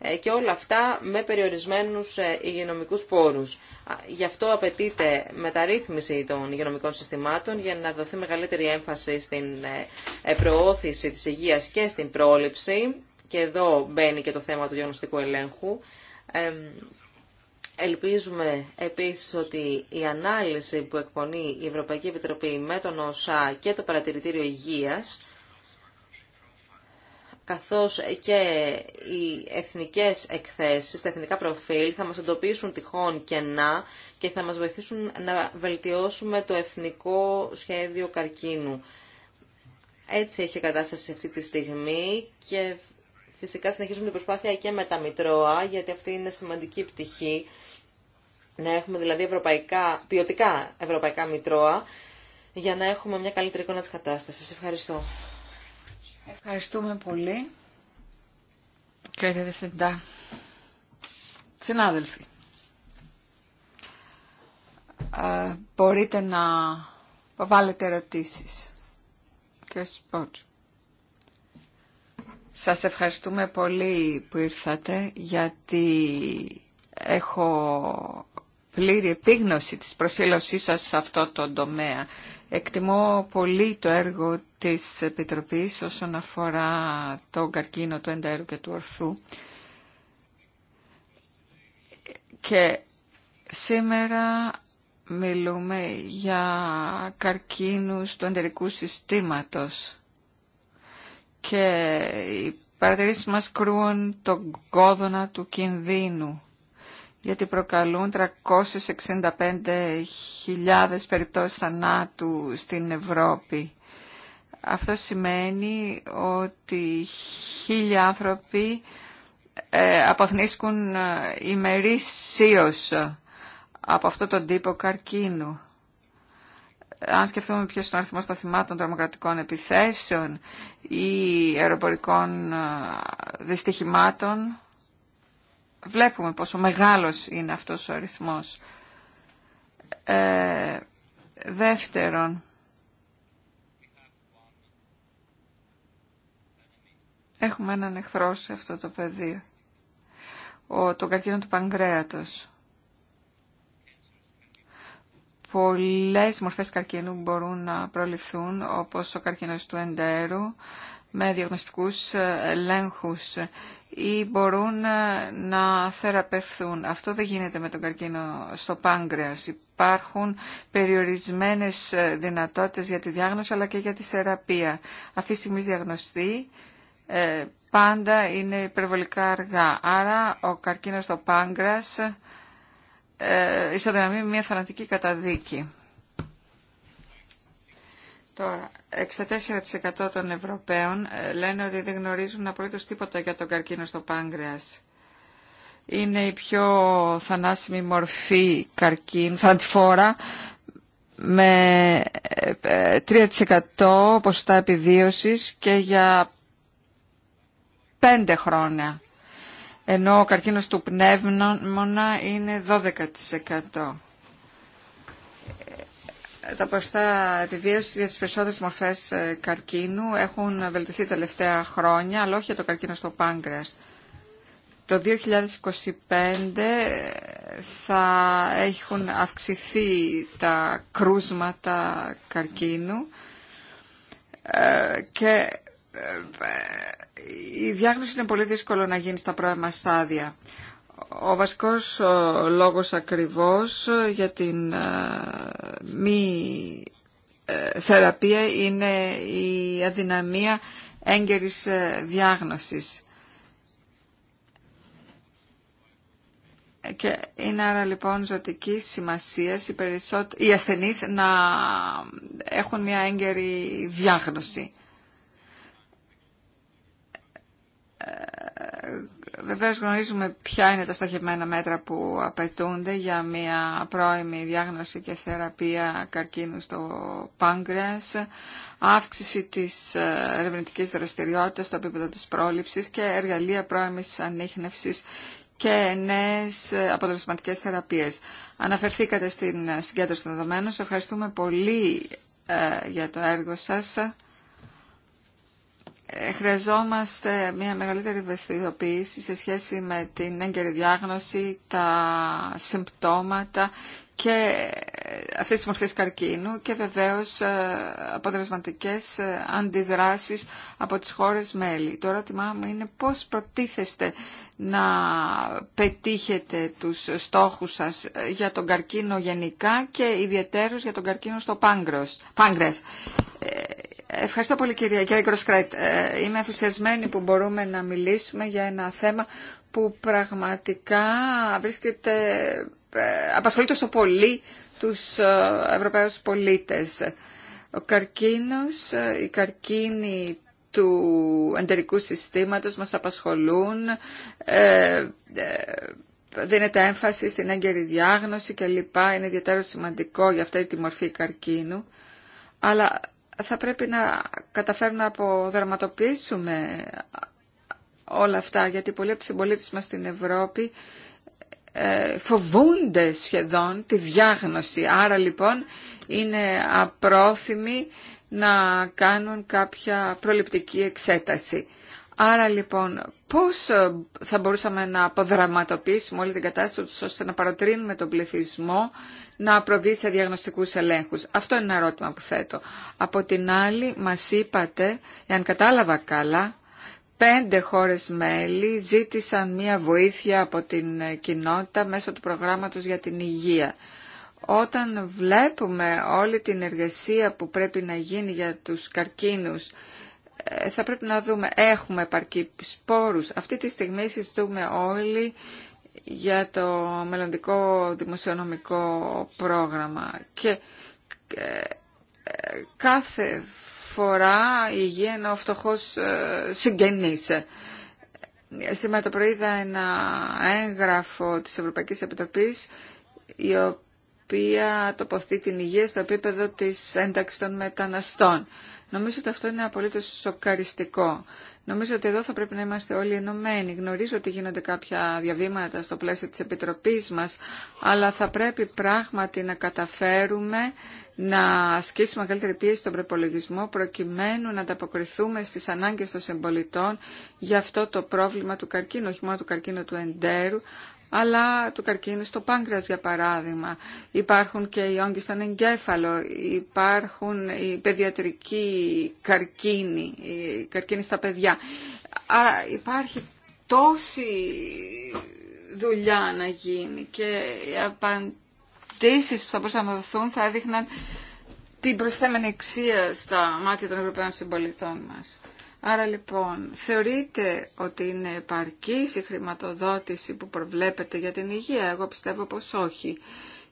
S3: ε, και όλα αυτά με περιορισμένους ε, υγειονομικούς πόρους. Γι' αυτό απαιτείται μεταρρύθμιση των υγειονομικών συστημάτων για να δοθεί μεγαλύτερη έμφαση στην προώθηση της υγείας και στην πρόληψη και εδώ μπαίνει και το θέμα του διαγνωστικού ελέγχου Ελπίζουμε επίσης ότι η ανάλυση που εκπονεί η Ευρωπαϊκή Επιτροπή με τον ΟΣΑ και το Παρατηρητήριο Υγείας, καθώς και οι εθνικές εκθέσεις, τα εθνικά προφίλ, θα μας εντοπίσουν τυχόν κενά και θα μας βοηθήσουν να βελτιώσουμε το εθνικό σχέδιο καρκίνου. Έτσι έχει κατάσταση αυτή τη στιγμή και Φυσικά συνεχίζουμε την προσπάθεια και με τα Μητρώα, γιατί αυτή είναι σημαντική πτυχή. Να έχουμε δηλαδή ευρωπαϊκά, ποιοτικά ευρωπαϊκά Μητρώα, για να έχουμε μια καλύτερη εικόνα της κατάστασης. Ευχαριστώ.
S1: Ευχαριστούμε πολύ. Κύριε Διευθυντά, συνάδελφοι, ε, μπορείτε να βάλετε ερωτήσεις. και Σπότσου. Σας ευχαριστούμε πολύ που ήρθατε γιατί έχω πλήρη επίγνωση της προσήλωσής σας σε αυτό το τομέα. Εκτιμώ πολύ το έργο της Επιτροπής όσον αφορά τον καρκίνο του εντέρου και του ορθού. Και σήμερα μιλούμε για καρκίνους του εντερικού συστήματος και οι παρατηρήσεις μας κρούν τον κόδωνα του κινδύνου γιατί προκαλούν 365.000 περιπτώσεις θανάτου στην Ευρώπη. Αυτό σημαίνει ότι χίλια άνθρωποι ε, αποθνίσκουν ε, ημερήσίως από αυτό τον τύπο καρκίνου αν σκεφτούμε ποιος είναι ο αριθμός των θυμάτων τρομοκρατικών επιθέσεων ή αεροπορικών ε, δυστυχημάτων, βλέπουμε πόσο μεγάλος είναι αυτός ο αριθμός. Ε, δεύτερον, έχουμε έναν εχθρό σε αυτό το πεδίο, ο, το καρκίνο του Παγκρέατος πολλές μορφές καρκίνου μπορούν να προληφθούν, όπως ο καρκίνος του εντέρου, με διαγνωστικούς ελέγχους ή μπορούν να θεραπευθούν. Αυτό δεν γίνεται με τον καρκίνο στο πάγκρεας. Υπάρχουν περιορισμένες δυνατότητες για τη διάγνωση αλλά και για τη θεραπεία. Αυτή τη στιγμή διαγνωστεί πάντα είναι υπερβολικά αργά. Άρα ο καρκίνος στο πάνγκρεας ε, ισοδυναμεί μια θανατική καταδίκη. Τώρα, 64% των Ευρωπαίων ε, λένε ότι δεν γνωρίζουν απολύτως τίποτα για τον καρκίνο στο πάγκρεας. Είναι η πιο θανάσιμη μορφή καρκίνου, θανατηφόρα, με 3% ε, ε, ποσοστά επιβίωσης και για 5 χρόνια ενώ ο καρκίνος του πνεύμονα είναι 12%. Τα ποστά επιβίωση για τις περισσότερες μορφές ε, καρκίνου έχουν βελτιωθεί τα τελευταία χρόνια, αλλά όχι για το καρκίνο στο πάγκρεας. Το 2025 ε, θα έχουν αυξηθεί τα κρούσματα καρκίνου ε, και η διάγνωση είναι πολύ δύσκολο να γίνει στα πρώιμα στάδια. Ο βασικός λόγος ακριβώς για την ε, μη ε, θεραπεία είναι η αδυναμία έγκαιρης ε, διάγνωσης. Και είναι άρα λοιπόν ζωτική σημασία οι, περισσότε... οι ασθενείς να έχουν μια έγκαιρη διάγνωση. Ε, Βεβαίω γνωρίζουμε ποια είναι τα στοχευμένα μέτρα που απαιτούνται για μια πρώιμη διάγνωση και θεραπεία καρκίνου στο πάγκρεας, αύξηση της ε, ερευνητική δραστηριότητας στο επίπεδο της πρόληψης και εργαλεία πρώιμης ανείχνευσης και νέες ε, αποτελεσματικές θεραπείες. Αναφερθήκατε στην συγκέντρωση των δεδομένων. Σας ευχαριστούμε πολύ για το έργο σας. Ε, χρειαζόμαστε μια μεγαλύτερη ευαισθητοποίηση σε σχέση με την έγκαιρη διάγνωση, τα συμπτώματα και ε, αυτές τις μορφές καρκίνου και βεβαίως ε, αποτελεσματικές αντιδράσεις από τις χώρες μέλη. Το ερώτημά μου είναι πώς προτίθεστε να πετύχετε τους στόχους σας για τον καρκίνο γενικά και ιδιαίτερως για τον καρκίνο στο πάγκρος, Ευχαριστώ πολύ κυρία Γιώργο ε, Είμαι ενθουσιασμένη που μπορούμε να μιλήσουμε για ένα θέμα που πραγματικά βρίσκεται, ε, απασχολεί τόσο πολύ τους ε, Ευρωπαίους πολίτες. Ο καρκίνος, η καρκίνοι του εντερικού συστήματος μας απασχολούν, δίνεται έμφαση στην έγκαιρη διάγνωση κλπ. Είναι ιδιαίτερα σημαντικό για αυτή τη μορφή καρκίνου. Αλλά θα πρέπει να καταφέρουμε να αποδραματοποιήσουμε όλα αυτά, γιατί πολλοί από τους συμπολίτε μας στην Ευρώπη ε, φοβούνται σχεδόν τη διάγνωση. Άρα λοιπόν είναι απρόθυμοι να κάνουν κάποια προληπτική εξέταση. Άρα λοιπόν, πώς ε, θα μπορούσαμε να αποδραματοποιήσουμε όλη την κατάσταση ώστε να παροτρύνουμε τον πληθυσμό να προβεί σε διαγνωστικούς ελέγχους. Αυτό είναι ένα ερώτημα που θέτω. Από την άλλη, μας είπατε, εάν κατάλαβα καλά, πέντε χώρες μέλη ζήτησαν μία βοήθεια από την ε, κοινότητα μέσω του προγράμματος για την υγεία. Όταν βλέπουμε όλη την εργασία που πρέπει να γίνει για τους καρκίνους ε, θα πρέπει να δούμε, έχουμε επαρκή σπόρους. Αυτή τη στιγμή συζητούμε όλοι για το μελλοντικό δημοσιονομικό πρόγραμμα και ε, κάθε φορά η υγεία είναι ο φτωχός ε, συγγενής. Σήμερα το πρωί είδα ένα έγγραφο της Ευρωπαϊκής Επιτροπής η οποία τοποθεί την υγεία στο επίπεδο της ένταξης των μεταναστών. Νομίζω ότι αυτό είναι απολύτως σοκαριστικό. Νομίζω ότι εδώ θα πρέπει να είμαστε όλοι ενωμένοι. Γνωρίζω ότι γίνονται κάποια διαβήματα στο πλαίσιο της Επιτροπής μας, αλλά θα πρέπει πράγματι να καταφέρουμε να ασκήσουμε καλύτερη πίεση στον προπολογισμό προκειμένου να ανταποκριθούμε στις ανάγκες των συμπολιτών για αυτό το πρόβλημα του καρκίνου, όχι μόνο του καρκίνου του εντέρου, αλλά του καρκίνου στο πάγκρας για παράδειγμα. Υπάρχουν και οι όγκοι στον εγκέφαλο, υπάρχουν οι παιδιατρικοί καρκίνοι, οι καρκίνοι στα παιδιά. Άρα υπάρχει τόση δουλειά να γίνει και οι απαντήσεις που θα μπορούσαν να θα έδειχναν την προσθέμενη αξία στα μάτια των Ευρωπαίων συμπολιτών μας. Άρα λοιπόν, θεωρείτε ότι είναι επαρκή η χρηματοδότηση που προβλέπετε για την υγεία. Εγώ πιστεύω πως όχι.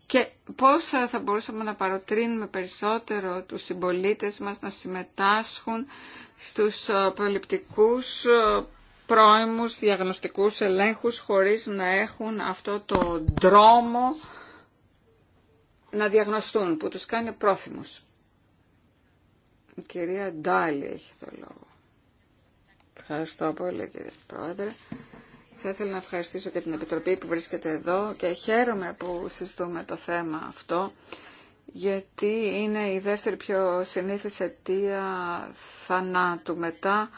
S1: Και πώς θα μπορούσαμε να παροτρύνουμε περισσότερο τους συμπολίτε μας να συμμετάσχουν στους ε, προληπτικούς ε, πρώιμους διαγνωστικούς ελέγχους χωρίς να έχουν αυτό το δρόμο να διαγνωστούν που τους κάνει πρόθυμους. Η κυρία Ντάλη έχει το λόγο. Ευχαριστώ πολύ κύριε Πρόεδρε. Θα ήθελα να ευχαριστήσω και την Επιτροπή που βρίσκεται εδώ και χαίρομαι που συζητούμε το θέμα αυτό γιατί είναι η δεύτερη πιο συνήθιση αιτία θανάτου μετά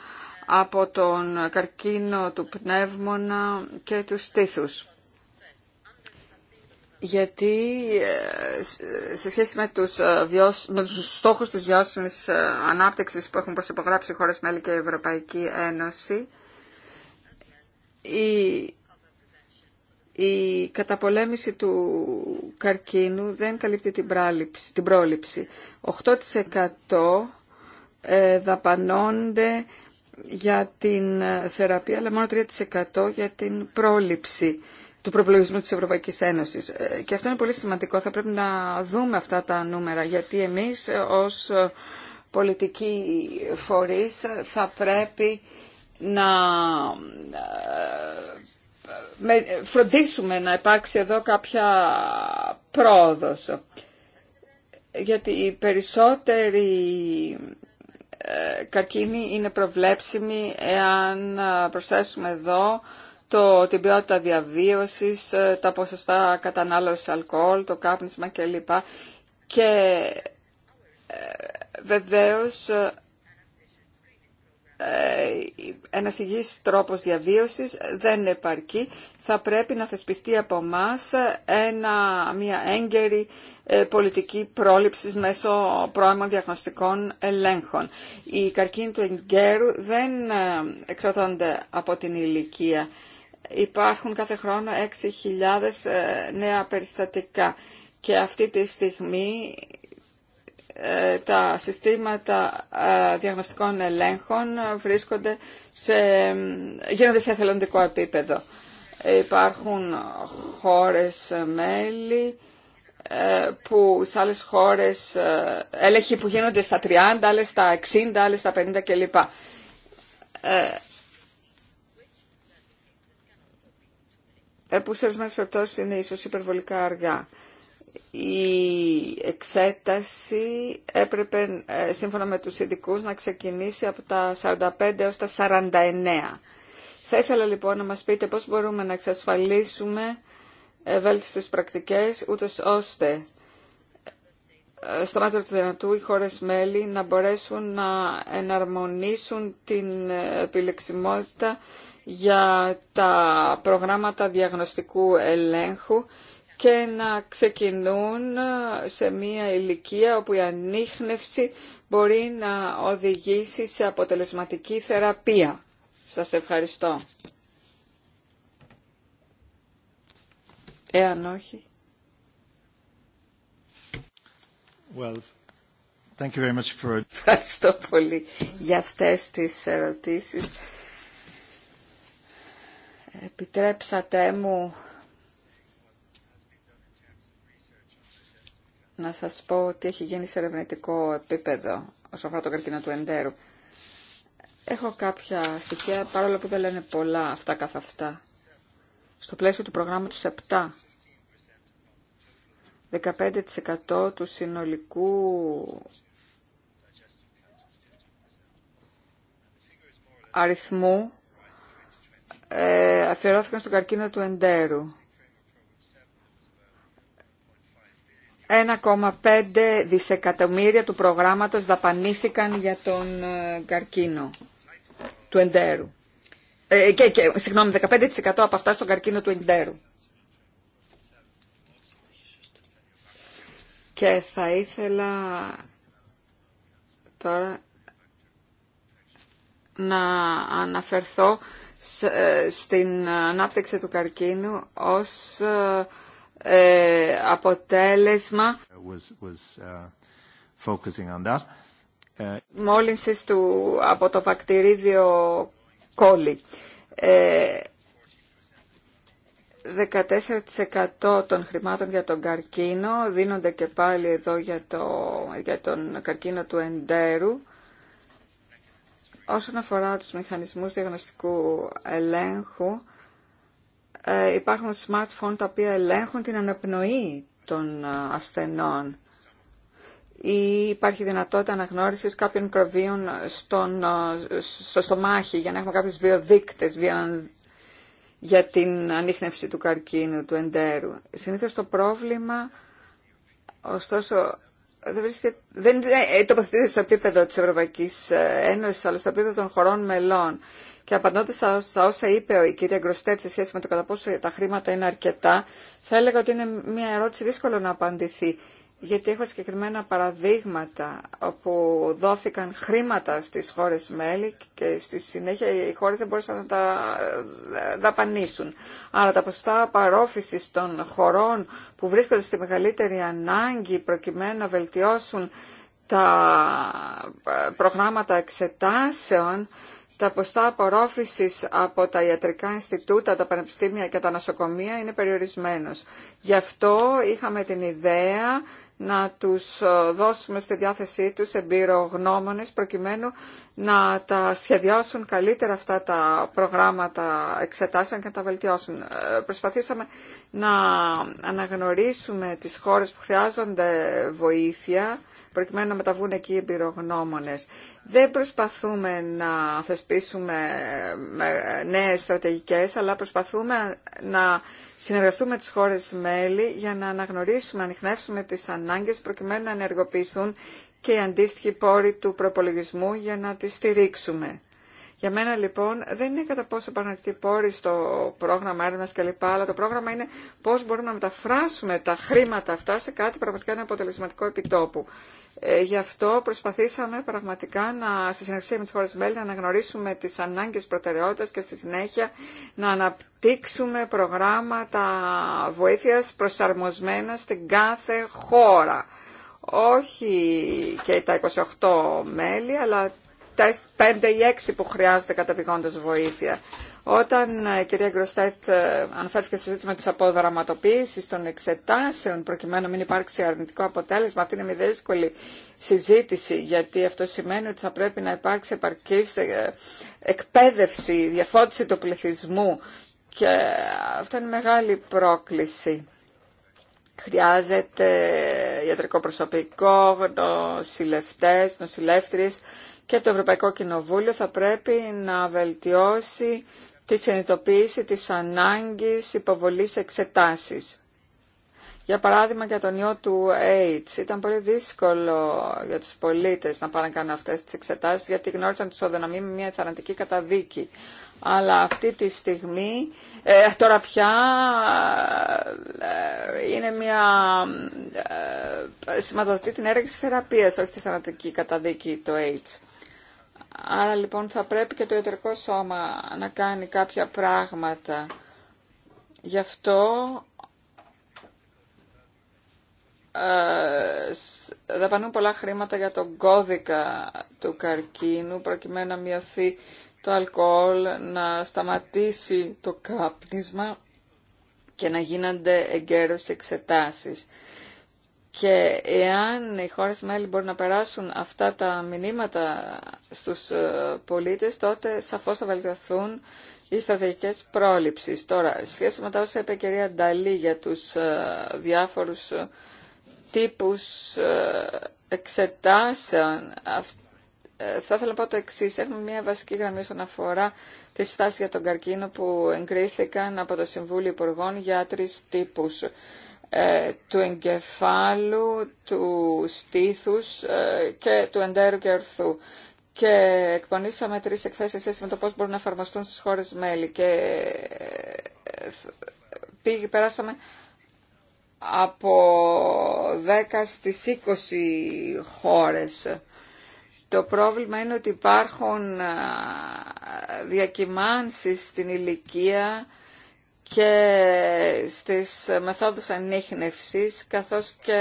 S1: από τον καρκίνο του πνεύμονα και του στήθους γιατί ε, σε σχέση με τους, ε, βιώσ... με τους στόχους της βιώσιμης ε, ανάπτυξης που έχουν προσυπογράψει οι χώρες μέλη και η Ευρωπαϊκή Ένωση, η... η καταπολέμηση του καρκίνου δεν καλύπτει την, πράληψη, την πρόληψη. 8% δαπανώνται για την θεραπεία, αλλά μόνο 3% για την πρόληψη του προπολογισμού της Ευρωπαϊκής Ένωσης. Ε, και αυτό είναι πολύ σημαντικό. Θα πρέπει να δούμε αυτά τα νούμερα, γιατί εμείς ε, ως ε, πολιτικοί φορείς θα πρέπει να φροντίσουμε να υπάρξει εδώ κάποια πρόοδος. Γιατί οι περισσότεροι καρκίνοι είναι προβλέψιμοι εάν προσθέσουμε εδώ το, την ποιότητα διαβίωσης, ε, τα ποσοστά κατανάλωση αλκοόλ, το κάπνισμα κλπ. Και ε, βεβαίως ε, ένας υγιής τρόπος διαβίωσης δεν επαρκεί. Θα πρέπει να θεσπιστεί από εμά μια έγκαιρη πολιτική πρόληψης μέσω πρώιμων διαγνωστικών ελέγχων. Οι καρκίνοι του εγκαίρου δεν εξαρτώνται από την ηλικία υπάρχουν κάθε χρόνο 6.000 ε, νέα περιστατικά και αυτή τη στιγμή ε, τα συστήματα ε, διαγνωστικών ελέγχων βρίσκονται σε, γίνονται σε εθελοντικό επίπεδο. Υπάρχουν χώρες μέλη που σε άλλες χώρες έλεγχοι που γίνονται στα 30, άλλες στα 60, άλλες στα 50 κλπ. Ε, που σε ορισμένε περιπτώσει είναι ίσως υπερβολικά αργά. Η εξέταση έπρεπε, ε, σύμφωνα με τους ειδικού να ξεκινήσει από τα 45 έως τα 49. Θα ήθελα λοιπόν να μας πείτε πώς μπορούμε να εξασφαλίσουμε ευέλθιστες πρακτικές, ούτως ώστε ε, στο μέτρο του δυνατού οι χώρες μέλη να μπορέσουν να εναρμονίσουν την επιλεξιμότητα για τα προγράμματα διαγνωστικού ελέγχου και να ξεκινούν σε μία ηλικία όπου η ανείχνευση μπορεί να οδηγήσει σε αποτελεσματική θεραπεία. Σας ευχαριστώ. Εάν όχι. Well, thank you very much for... Ευχαριστώ πολύ για αυτές τις ερωτήσεις Επιτρέψατε μου να σας πω ότι έχει γίνει σε ερευνητικό επίπεδο όσον αφορά το καρκίνο του εντέρου. Έχω κάποια στοιχεία, παρόλο που δεν λένε πολλά αυτά καθ' αυτά. Στο πλαίσιο του προγράμματος 7, 15% του συνολικού αριθμού ε, αφιερώθηκαν στον καρκίνο του εντέρου. 1,5 δισεκατομμύρια του προγράμματος δαπανήθηκαν για τον ε, καρκίνο του εντέρου. Ε, και, συγγνώμη, 15% από αυτά στον καρκίνο του εντέρου. Και θα ήθελα τώρα να αναφερθώ ε, στην ανάπτυξη του καρκίνου ως ε, ε, αποτέλεσμα was, του από το βακτηρίδιο κόλλη. Ε, 14% των χρημάτων για τον καρκίνο δίνονται και πάλι εδώ για, για τον καρκίνο του εντέρου Όσον αφορά τους μηχανισμούς διαγνωστικού ελέγχου, ε, υπάρχουν smartphone τα οποία ελέγχουν την αναπνοή των ε, ασθενών ή υπάρχει δυνατότητα αναγνώρισης κάποιων μικροβίων στον, ε, στο στομάχι για να έχουμε κάποιες βιοδείκτες για την ανείχνευση του καρκίνου, του εντέρου. Συνήθως το πρόβλημα, ωστόσο, δεν, ε, τοποθετείται στο επίπεδο της Ευρωπαϊκής ε, Ένωσης, αλλά στο επίπεδο των χωρών μελών. Και απαντώντα στα όσα είπε η κυρία Γκροστέτ σε σχέση με το κατά πόσο τα χρήματα είναι αρκετά, θα έλεγα ότι είναι μια ερώτηση δύσκολο να απαντηθεί γιατί έχω συγκεκριμένα παραδείγματα όπου δόθηκαν χρήματα στις χώρες μέλη και στη συνέχεια οι χώρες δεν μπορούσαν να τα ε, δαπανίσουν. Άρα τα ποσοστά παρόφησης των χωρών που βρίσκονται στη μεγαλύτερη ανάγκη προκειμένου να βελτιώσουν τα ε, προγράμματα εξετάσεων τα ποστά απορρόφησης από τα ιατρικά Ινστιτούτα, τα πανεπιστήμια και τα νοσοκομεία είναι περιορισμένος. Γι' αυτό είχαμε την ιδέα να τους ε, δώσουμε στη διάθεσή τους εμπειρογνώμονες προκειμένου να τα σχεδιάσουν καλύτερα αυτά τα προγράμματα εξετάσεων και να τα βελτιώσουν. Ε, προσπαθήσαμε να αναγνωρίσουμε τις χώρες που χρειάζονται βοήθεια προκειμένου να μεταβούν εκεί οι εμπειρογνώμονες. Δεν προσπαθούμε να θεσπίσουμε ε, νέες στρατηγικές, αλλά προσπαθούμε να συνεργαστούμε τις χώρες μέλη για να αναγνωρίσουμε, να ανοιχνεύσουμε τις ανάγκες προκειμένου να ενεργοποιηθούν και οι αντίστοιχοι πόροι του προπολογισμού για να τις στηρίξουμε. Για μένα λοιπόν δεν είναι κατά πόσο επαναληπτή πόρη στο πρόγραμμα έρευνα κλπ. Αλλά το πρόγραμμα είναι πώ μπορούμε να μεταφράσουμε τα χρήματα αυτά σε κάτι πραγματικά ένα αποτελεσματικό επιτόπου. Ε, γι' αυτό προσπαθήσαμε πραγματικά να, στη συνεργασία με τι χώρε μέλη να αναγνωρίσουμε τι ανάγκε προτεραιότητα και στη συνέχεια να αναπτύξουμε προγράμματα βοήθεια προσαρμοσμένα στην κάθε χώρα όχι και τα 28 μέλη, αλλά πέντε ή έξι που χρειάζονται καταπηγόντως βοήθεια. Όταν η εξι που χρειαζονται καταπηγώντας Γκροστέτ ε, αναφέρθηκε στο ζήτημα της αποδραματοποίησης των εξετάσεων προκειμένου να μην υπάρξει αρνητικό αποτέλεσμα, αυτή είναι μια δύσκολη συζήτηση γιατί αυτό σημαίνει ότι θα πρέπει να υπάρξει επαρκής ε, εκπαίδευση, διαφώτιση του πληθυσμού και αυτό είναι μεγάλη πρόκληση. Χρειάζεται ε, ιατρικό προσωπικό, νοσηλευτές, νοσηλεύτριες και το Ευρωπαϊκό Κοινοβούλιο θα πρέπει να βελτιώσει τη συνειδητοποίηση της ανάγκης υποβολής εξετάσεις. Για παράδειγμα για τον ιό του AIDS ήταν πολύ δύσκολο για τους πολίτες να πάνε να κάνουν αυτές τις εξετάσεις γιατί γνώρισαν τους οδυναμοί με μια θανατική καταδίκη. Αλλά αυτή τη στιγμή ε, τώρα πια ε, είναι μια ε, σηματοδοτεί την θεραπείας όχι τη θανατική καταδίκη το AIDS. Άρα λοιπόν θα πρέπει και το ιατρικό σώμα να κάνει κάποια πράγματα. Γι' αυτό ε, δαπανούν πολλά χρήματα για τον κώδικα του καρκίνου προκειμένου να μειωθεί το αλκοόλ, να σταματήσει το κάπνισμα και να γίνονται εγκαίρως εξετάσεις. Και εάν οι χώρες μέλη μπορούν να περάσουν αυτά τα μηνύματα στους ε, πολίτες, τότε σαφώς θα βελτιωθούν οι στρατηγικές πρόληψεις. Τώρα, σχέση με τα όσα είπε η κυρία Νταλή για τους ε, διάφορους ε, τύπους εξετάσεων, θα ήθελα να πω το εξή. Έχουμε μια βασική γραμμή όσον αφορά τη στάσης για τον καρκίνο που εγκρίθηκαν από το Συμβούλιο Υπουργών για τρει τύπου. Ε, του εγκεφάλου, του στήθους ε, και του εντέρου και ορθού. Και εκπονήσαμε τρεις εκθέσεις σχέση με το πώς μπορούν να εφαρμοστούν στις χώρες μέλη. Και ε, περάσαμε από 10 στις 20 χώρες. Το πρόβλημα είναι ότι υπάρχουν διακυμάνσεις στην ηλικία και στις μεθόδους ανείχνευσης καθώς και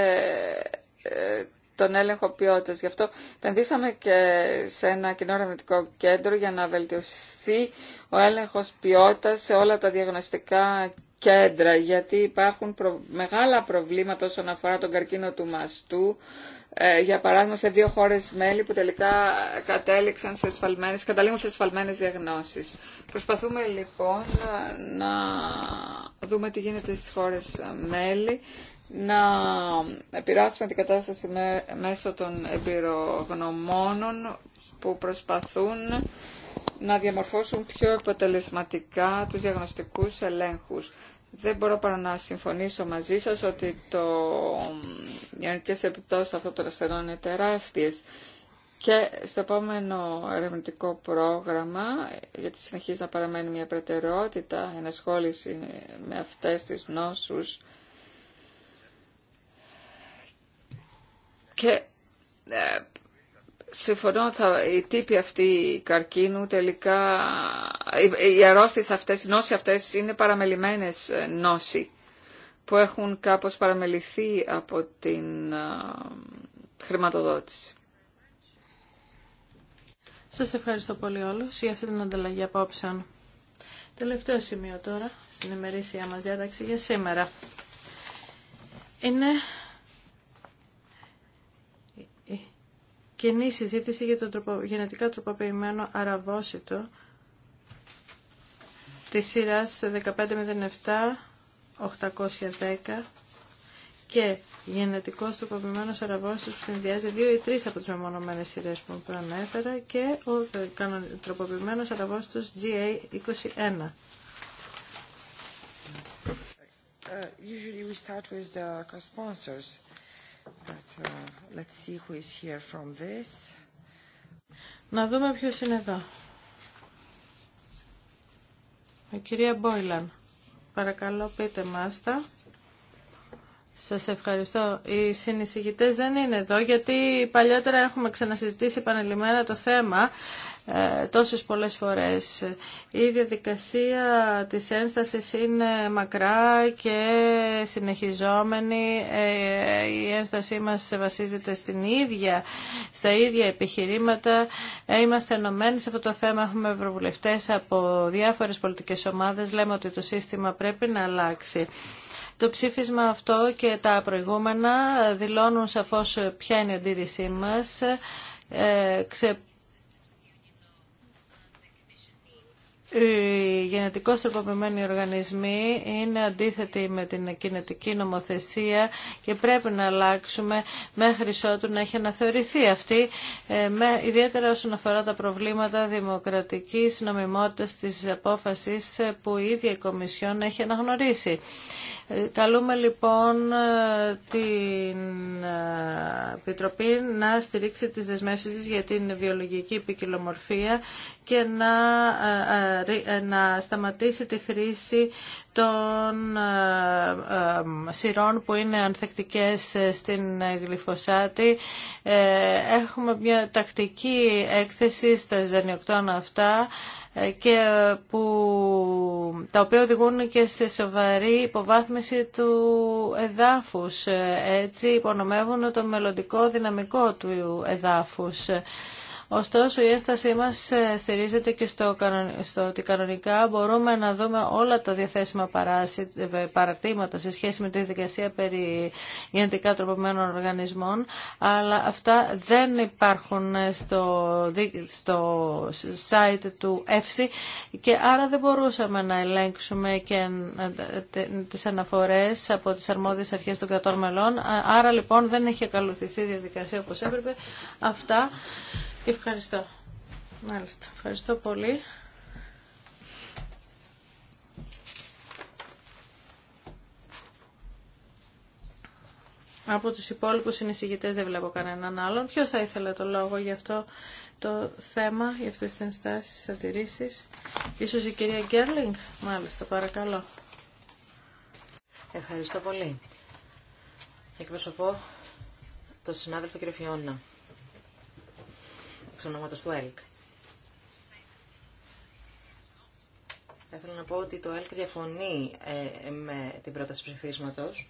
S1: ε, τον έλεγχο ποιότητας. Γι' αυτό επενδύσαμε και σε ένα κοινό ερευνητικό κέντρο για να βελτιωθεί ο έλεγχος ποιότητας σε όλα τα διαγνωστικά κέντρα, γιατί υπάρχουν μεγάλα προβλήματα όσον αφορά τον καρκίνο του μαστού, ε, για παράδειγμα σε δύο χώρες μέλη που τελικά κατέληξαν σε σφαλμένες, καταλήγουν σε σφαλμένες διαγνώσεις. Προσπαθούμε λοιπόν να δούμε τι γίνεται στις χώρες μέλη, να επηρεάσουμε την κατάσταση μέσω των εμπειρογνωμόνων που προσπαθούν να διαμορφώσουν πιο αποτελεσματικά τους διαγνωστικούς ελέγχους δεν μπορώ παρά να συμφωνήσω μαζί σας ότι το... οι αρνητικές επιπτώσεις αυτών των ασθενών είναι τεράστιες. Και στο επόμενο ερευνητικό πρόγραμμα, γιατί συνεχίζει να παραμένει μια προτεραιότητα, ενασχόληση με αυτές τις νόσους ε, Συμφωνώ ότι οι τύποι αυτοί καρκίνου τελικά, οι αρρώστιες αυτές, οι νόσοι αυτές είναι παραμελημένες ε, νόσοι που έχουν κάπως παραμεληθεί από την ε, χρηματοδότηση. Σας ευχαριστώ πολύ όλους για
S2: αυτή την ανταλλαγή απόψεων. Τελευταίο σημείο τώρα στην ημερήσια μας διάταξη για σήμερα είναι κοινή συζήτηση για το τροπο, γενετικά τροποποιημένο αραβόσιτο της σειράς 1507-810 και γενετικός τροποποιημένος αραβόσιτος που συνδυάζει δύο ή τρεις από τις μεμονωμένες σειρές που προανέφερα και ο τροποποιημένος αραβόσιτος GA21. Uh,
S1: usually we start with the co-sponsors. Uh,
S2: Να δούμε ποιος είναι εδώ. Η κυρία Μπόιλαν, παρακαλώ πείτε μας τα. Σας ευχαριστώ. Οι συνεισηγητές δεν είναι εδώ γιατί παλιότερα έχουμε ξανασυζητήσει επανελειμμένα το θέμα ε, τόσες πολλές φορές. Η διαδικασία της ένστασης είναι μακρά και συνεχιζόμενη. Ε, η ένστασή μας βασίζεται στην ίδια, στα ίδια επιχειρήματα. Ε, είμαστε ενωμένοι σε αυτό το θέμα. Έχουμε ευρωβουλευτές από διάφορες πολιτικές ομάδες. Λέμε ότι το σύστημα πρέπει να αλλάξει. Το ψήφισμα αυτό και τα προηγούμενα δηλώνουν σαφώς ποια είναι η αντίρρησή μας. Οι γενετικω τροποποιημένοι οργανισμοί είναι αντίθετοι με την κινητική νομοθεσία και πρέπει να αλλάξουμε μέχρι ότου να έχει αναθεωρηθεί αυτή, ε, ιδιαίτερα όσον αφορά τα προβλήματα δημοκρατικής νομιμότητας της απόφαση ε, που η ίδια η Κομισιόν έχει αναγνωρίσει. Καλούμε λοιπόν την ε, Επιτροπή να στηρίξει τις δεσμεύσεις για την βιολογική ποικιλομορφία και να, ε, ε, να σταματήσει τη χρήση των σειρών που είναι ανθεκτικές στην γλυφοσάτη. Έχουμε μια τακτική έκθεση στα ζανιοκτώνα αυτά ε, και ε, που, τα οποία οδηγούν και σε σοβαρή υποβάθμιση του εδάφους. Ε, έτσι υπονομεύουν το μελλοντικό δυναμικό του εδάφους. Ωστόσο, η έστασή μας ε, στηρίζεται και στο, στο ότι κανονικά μπορούμε να δούμε όλα τα διαθέσιμα ε, παρατήματα σε σχέση με τη διαδικασία περί γενετικά τροποποιημένων οργανισμών, αλλά αυτά δεν υπάρχουν ε, στο, στο site του ΕΦΣΙ και άρα δεν μπορούσαμε να ελέγξουμε και τις αναφορές από τις αρμόδιες αρχές των κρατών μελών. Άρα λοιπόν δεν έχει καλωθηθεί η διαδικασία όπως έπρεπε. Αυτά. Ευχαριστώ. Μάλιστα. Ευχαριστώ πολύ. Από τους υπόλοιπους συνεισηγητές δεν βλέπω κανέναν άλλον. Ποιο θα ήθελε το λόγο για αυτό το θέμα, για αυτές τις ενστάσεις, τις αντιρρήσεις. Ίσως η κυρία Γκέρλινγκ. Μάλιστα, παρακαλώ.
S3: Ευχαριστώ πολύ. Εκπροσωπώ τον συνάδελφο κύριο Φιώνα ονόματος του ΕΛΚ. Θα ήθελα να πω ότι το ΕΛΚ διαφωνεί ε, με την πρόταση ψηφίσματος.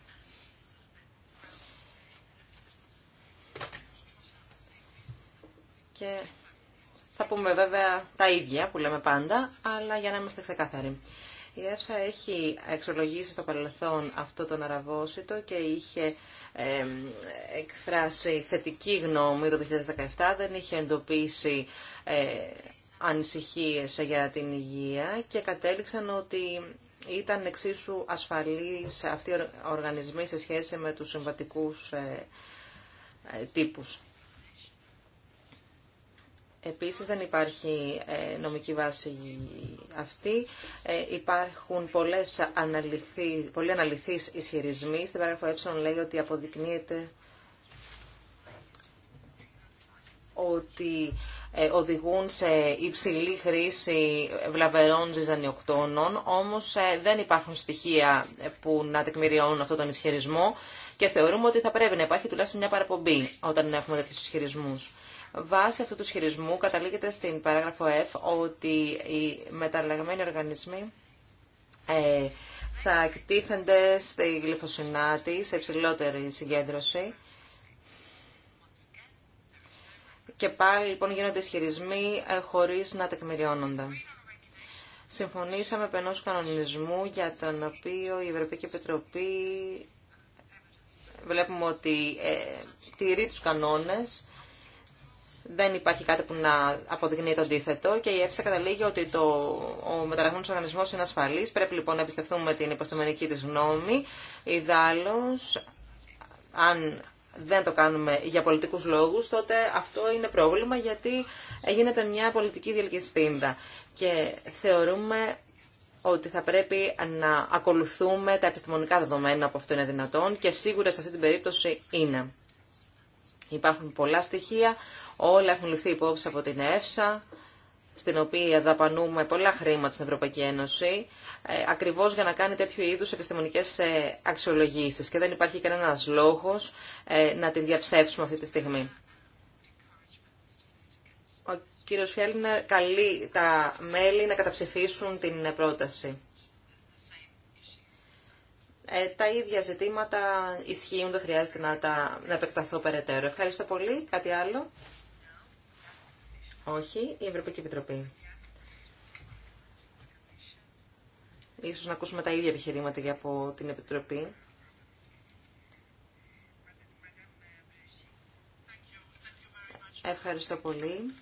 S3: Και θα πούμε βέβαια τα ίδια που λέμε πάντα, αλλά για να είμαστε ξεκάθαροι. Η ΕΦΣΑ έχει εξολογήσει στο παρελθόν αυτό τον αραβόσιτο και είχε εκφράσει θετική γνώμη το 2017, δεν είχε εντοπίσει ε, ανησυχίες για την υγεία και κατέληξαν ότι ήταν εξίσου σε αυτοί οι οργανισμοί σε σχέση με τους συμβατικούς ε, ε τύπους. Επίσης δεν υπάρχει ε, νομική βάση αυτή. Ε, υπάρχουν πολλές αναλυθείς, πολλοί αναλυθείς ισχυρισμοί. Στην παράγραφο ε λέει ότι αποδεικνύεται ότι ε, οδηγούν σε υψηλή χρήση βλαβερών ζυζανιοκτώνων, όμως δεν υπάρχουν στοιχεία που να τεκμηριώνουν αυτόν τον ισχυρισμό και θεωρούμε ότι θα πρέπει να υπάρχει τουλάχιστον μια παραπομπή όταν έχουμε τέτοιου ισχυρισμού. Βάσει αυτού του ισχυρισμού καταλήγεται στην παράγραφο F ότι οι μεταλλαγμένοι οργανισμοί ε, θα εκτίθενται στη γλυφοσυνάτη σε υψηλότερη συγκέντρωση. Και πάλι λοιπόν γίνονται ισχυρισμοί ε, χωρίς να τεκμηριώνονται. Συμφωνήσαμε επ' ενός κανονισμού για τον οποίο η Ευρωπαϊκή Επιτροπή ε, βλέπουμε ότι ε, τηρεί τους κανόνες δεν υπάρχει κάτι που να αποδεικνύει το αντίθετο και η ΕΦΣΑ καταλήγει ότι το, ο μεταραγμένο οργανισμό είναι ασφαλή. Πρέπει λοιπόν να εμπιστευτούμε την υποστημονική τη γνώμη. Ιδάλω, αν δεν το κάνουμε για πολιτικούς λόγους, τότε αυτό είναι πρόβλημα γιατί γίνεται μια πολιτική διελκυστίνδα. Και θεωρούμε ότι θα πρέπει να ακολουθούμε τα επιστημονικά δεδομένα που αυτό είναι δυνατόν και σίγουρα σε αυτή την περίπτωση είναι. Υπάρχουν πολλά στοιχεία Όλα έχουν ληφθεί υπόψη από την ΕΦΣΑ, στην οποία δαπανούμε πολλά χρήματα στην Ευρωπαϊκή Ένωση, ε, ακριβώς για να κάνει τέτοιου είδους επιστημονικές ε, αξιολογήσεις και δεν υπάρχει κανένας λόγος ε, να την διαψεύσουμε αυτή τη στιγμή. Ο κύριος Φιέλνερ καλεί τα μέλη να καταψηφίσουν την πρόταση. τα ίδια ζητήματα ισχύουν, δεν χρειάζεται να τα να επεκταθώ περαιτέρω. Ευχαριστώ πολύ. Κάτι άλλο. Όχι, η Ευρωπαϊκή Επιτροπή. Ίσως να ακούσουμε τα ίδια επιχειρήματα για από την Επιτροπή. Ευχαριστώ πολύ,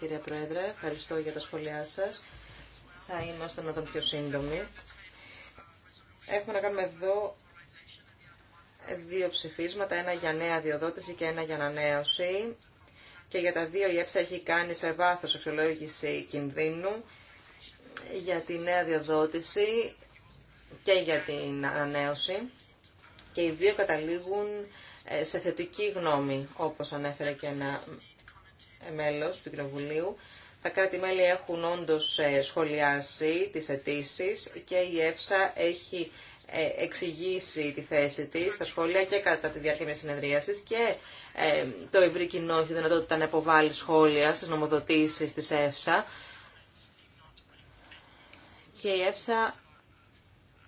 S3: κυρία Πρόεδρε. Ευχαριστώ για τα σχόλιά σας. Θα είμαστε να τον πιο σύντομοι. Έχουμε να κάνουμε εδώ δύο ψηφίσματα, ένα για νέα διοδότηση και ένα για ανανέωση και για τα δύο η ΕΨΑ έχει κάνει σε βάθος αξιολόγηση κινδύνου για τη νέα διοδότηση και για την ανανέωση και οι δύο καταλήγουν ε, σε θετική γνώμη, όπως ανέφερε και ένα μέλος του Κοινοβουλίου. Τα κράτη-μέλη έχουν όντως ε, σχολιάσει τις αιτήσει και η ΕΦΣΑ έχει ε, εξηγήσει τη θέση τη στα σχόλια και κατά τη διάρκεια μια συνεδρίασης και ε, το ευρύ κοινό έχει δυνατότητα να υποβάλει σχόλια στι νομοδοτήσει τη ΕΦΣΑ και η ΕΦΣΑ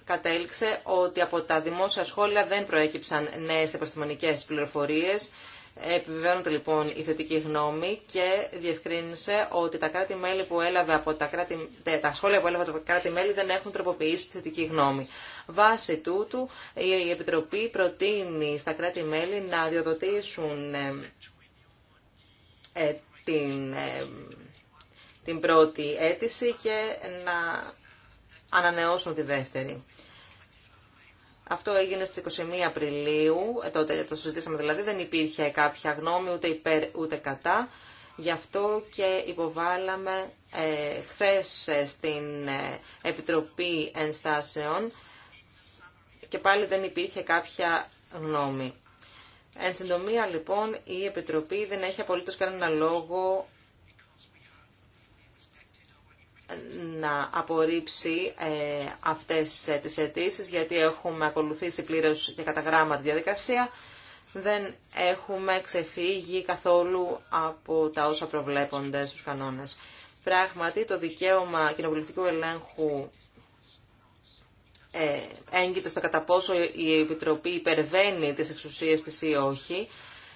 S3: κατέληξε ότι από τα δημόσια σχόλια δεν προέκυψαν νέε επιστημονικέ πληροφορίε, επιβεβαίνονται λοιπόν η θετική γνώμη και διευκρίνησε ότι τα, κρατη τα σχόλια που έλαβε από τα κράτη-μέλη δεν έχουν τροποποιήσει τη θετική γνώμη. Βάσει τούτου, η Επιτροπή προτείνει στα κράτη-μέλη να διοδοτήσουν ε, ε, την, ε, την πρώτη αίτηση και να ανανεώσουν τη δεύτερη. Αυτό έγινε στις 21 Απριλίου, τότε το συζητήσαμε δηλαδή, δεν υπήρχε κάποια γνώμη ούτε υπέρ ούτε κατά. Γι' αυτό και υποβάλαμε ε, χθες στην Επιτροπή Ενστάσεων και πάλι δεν υπήρχε κάποια γνώμη. Εν συντομία λοιπόν η Επιτροπή δεν έχει απολύτως κανένα λόγο να απορρίψει ε, αυτές ε, τις αιτήσει γιατί έχουμε ακολουθήσει πλήρως και κατά γράμμα τη διαδικασία. Δεν έχουμε ξεφύγει καθόλου από τα όσα προβλέπονται στους κανόνες. Πράγματι, το δικαίωμα κοινοβουλευτικού ελέγχου ε, έγκυται στο κατά πόσο η Επιτροπή υπερβαίνει τις εξουσίες της ή όχι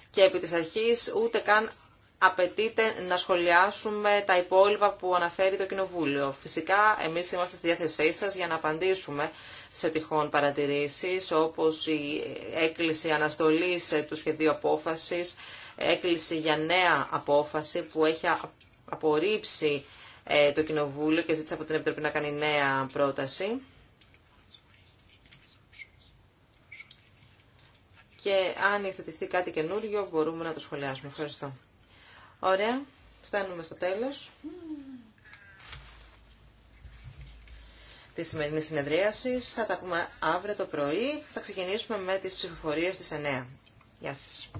S3: και επί της αρχής ούτε καν απαιτείται να σχολιάσουμε τα υπόλοιπα που αναφέρει το Κοινοβούλιο. Φυσικά, εμείς είμαστε στη διάθεσή σας για να απαντήσουμε σε τυχόν παρατηρήσεις, όπως η έκκληση αναστολής του σχεδίου απόφασης, έκκληση για νέα απόφαση που έχει απορρίψει ε, το Κοινοβούλιο και ζήτησε από την Επιτροπή να κάνει νέα πρόταση. και αν υιοθετηθεί κάτι καινούριο μπορούμε να το σχολιάσουμε. Ευχαριστώ. Ωραία, φτάνουμε στο τέλος Τη σημερινή συνεδρίαση. Θα τα πούμε αύριο το πρωί. Θα ξεκινήσουμε με τις ψηφοφορίες της 9. Γεια σας.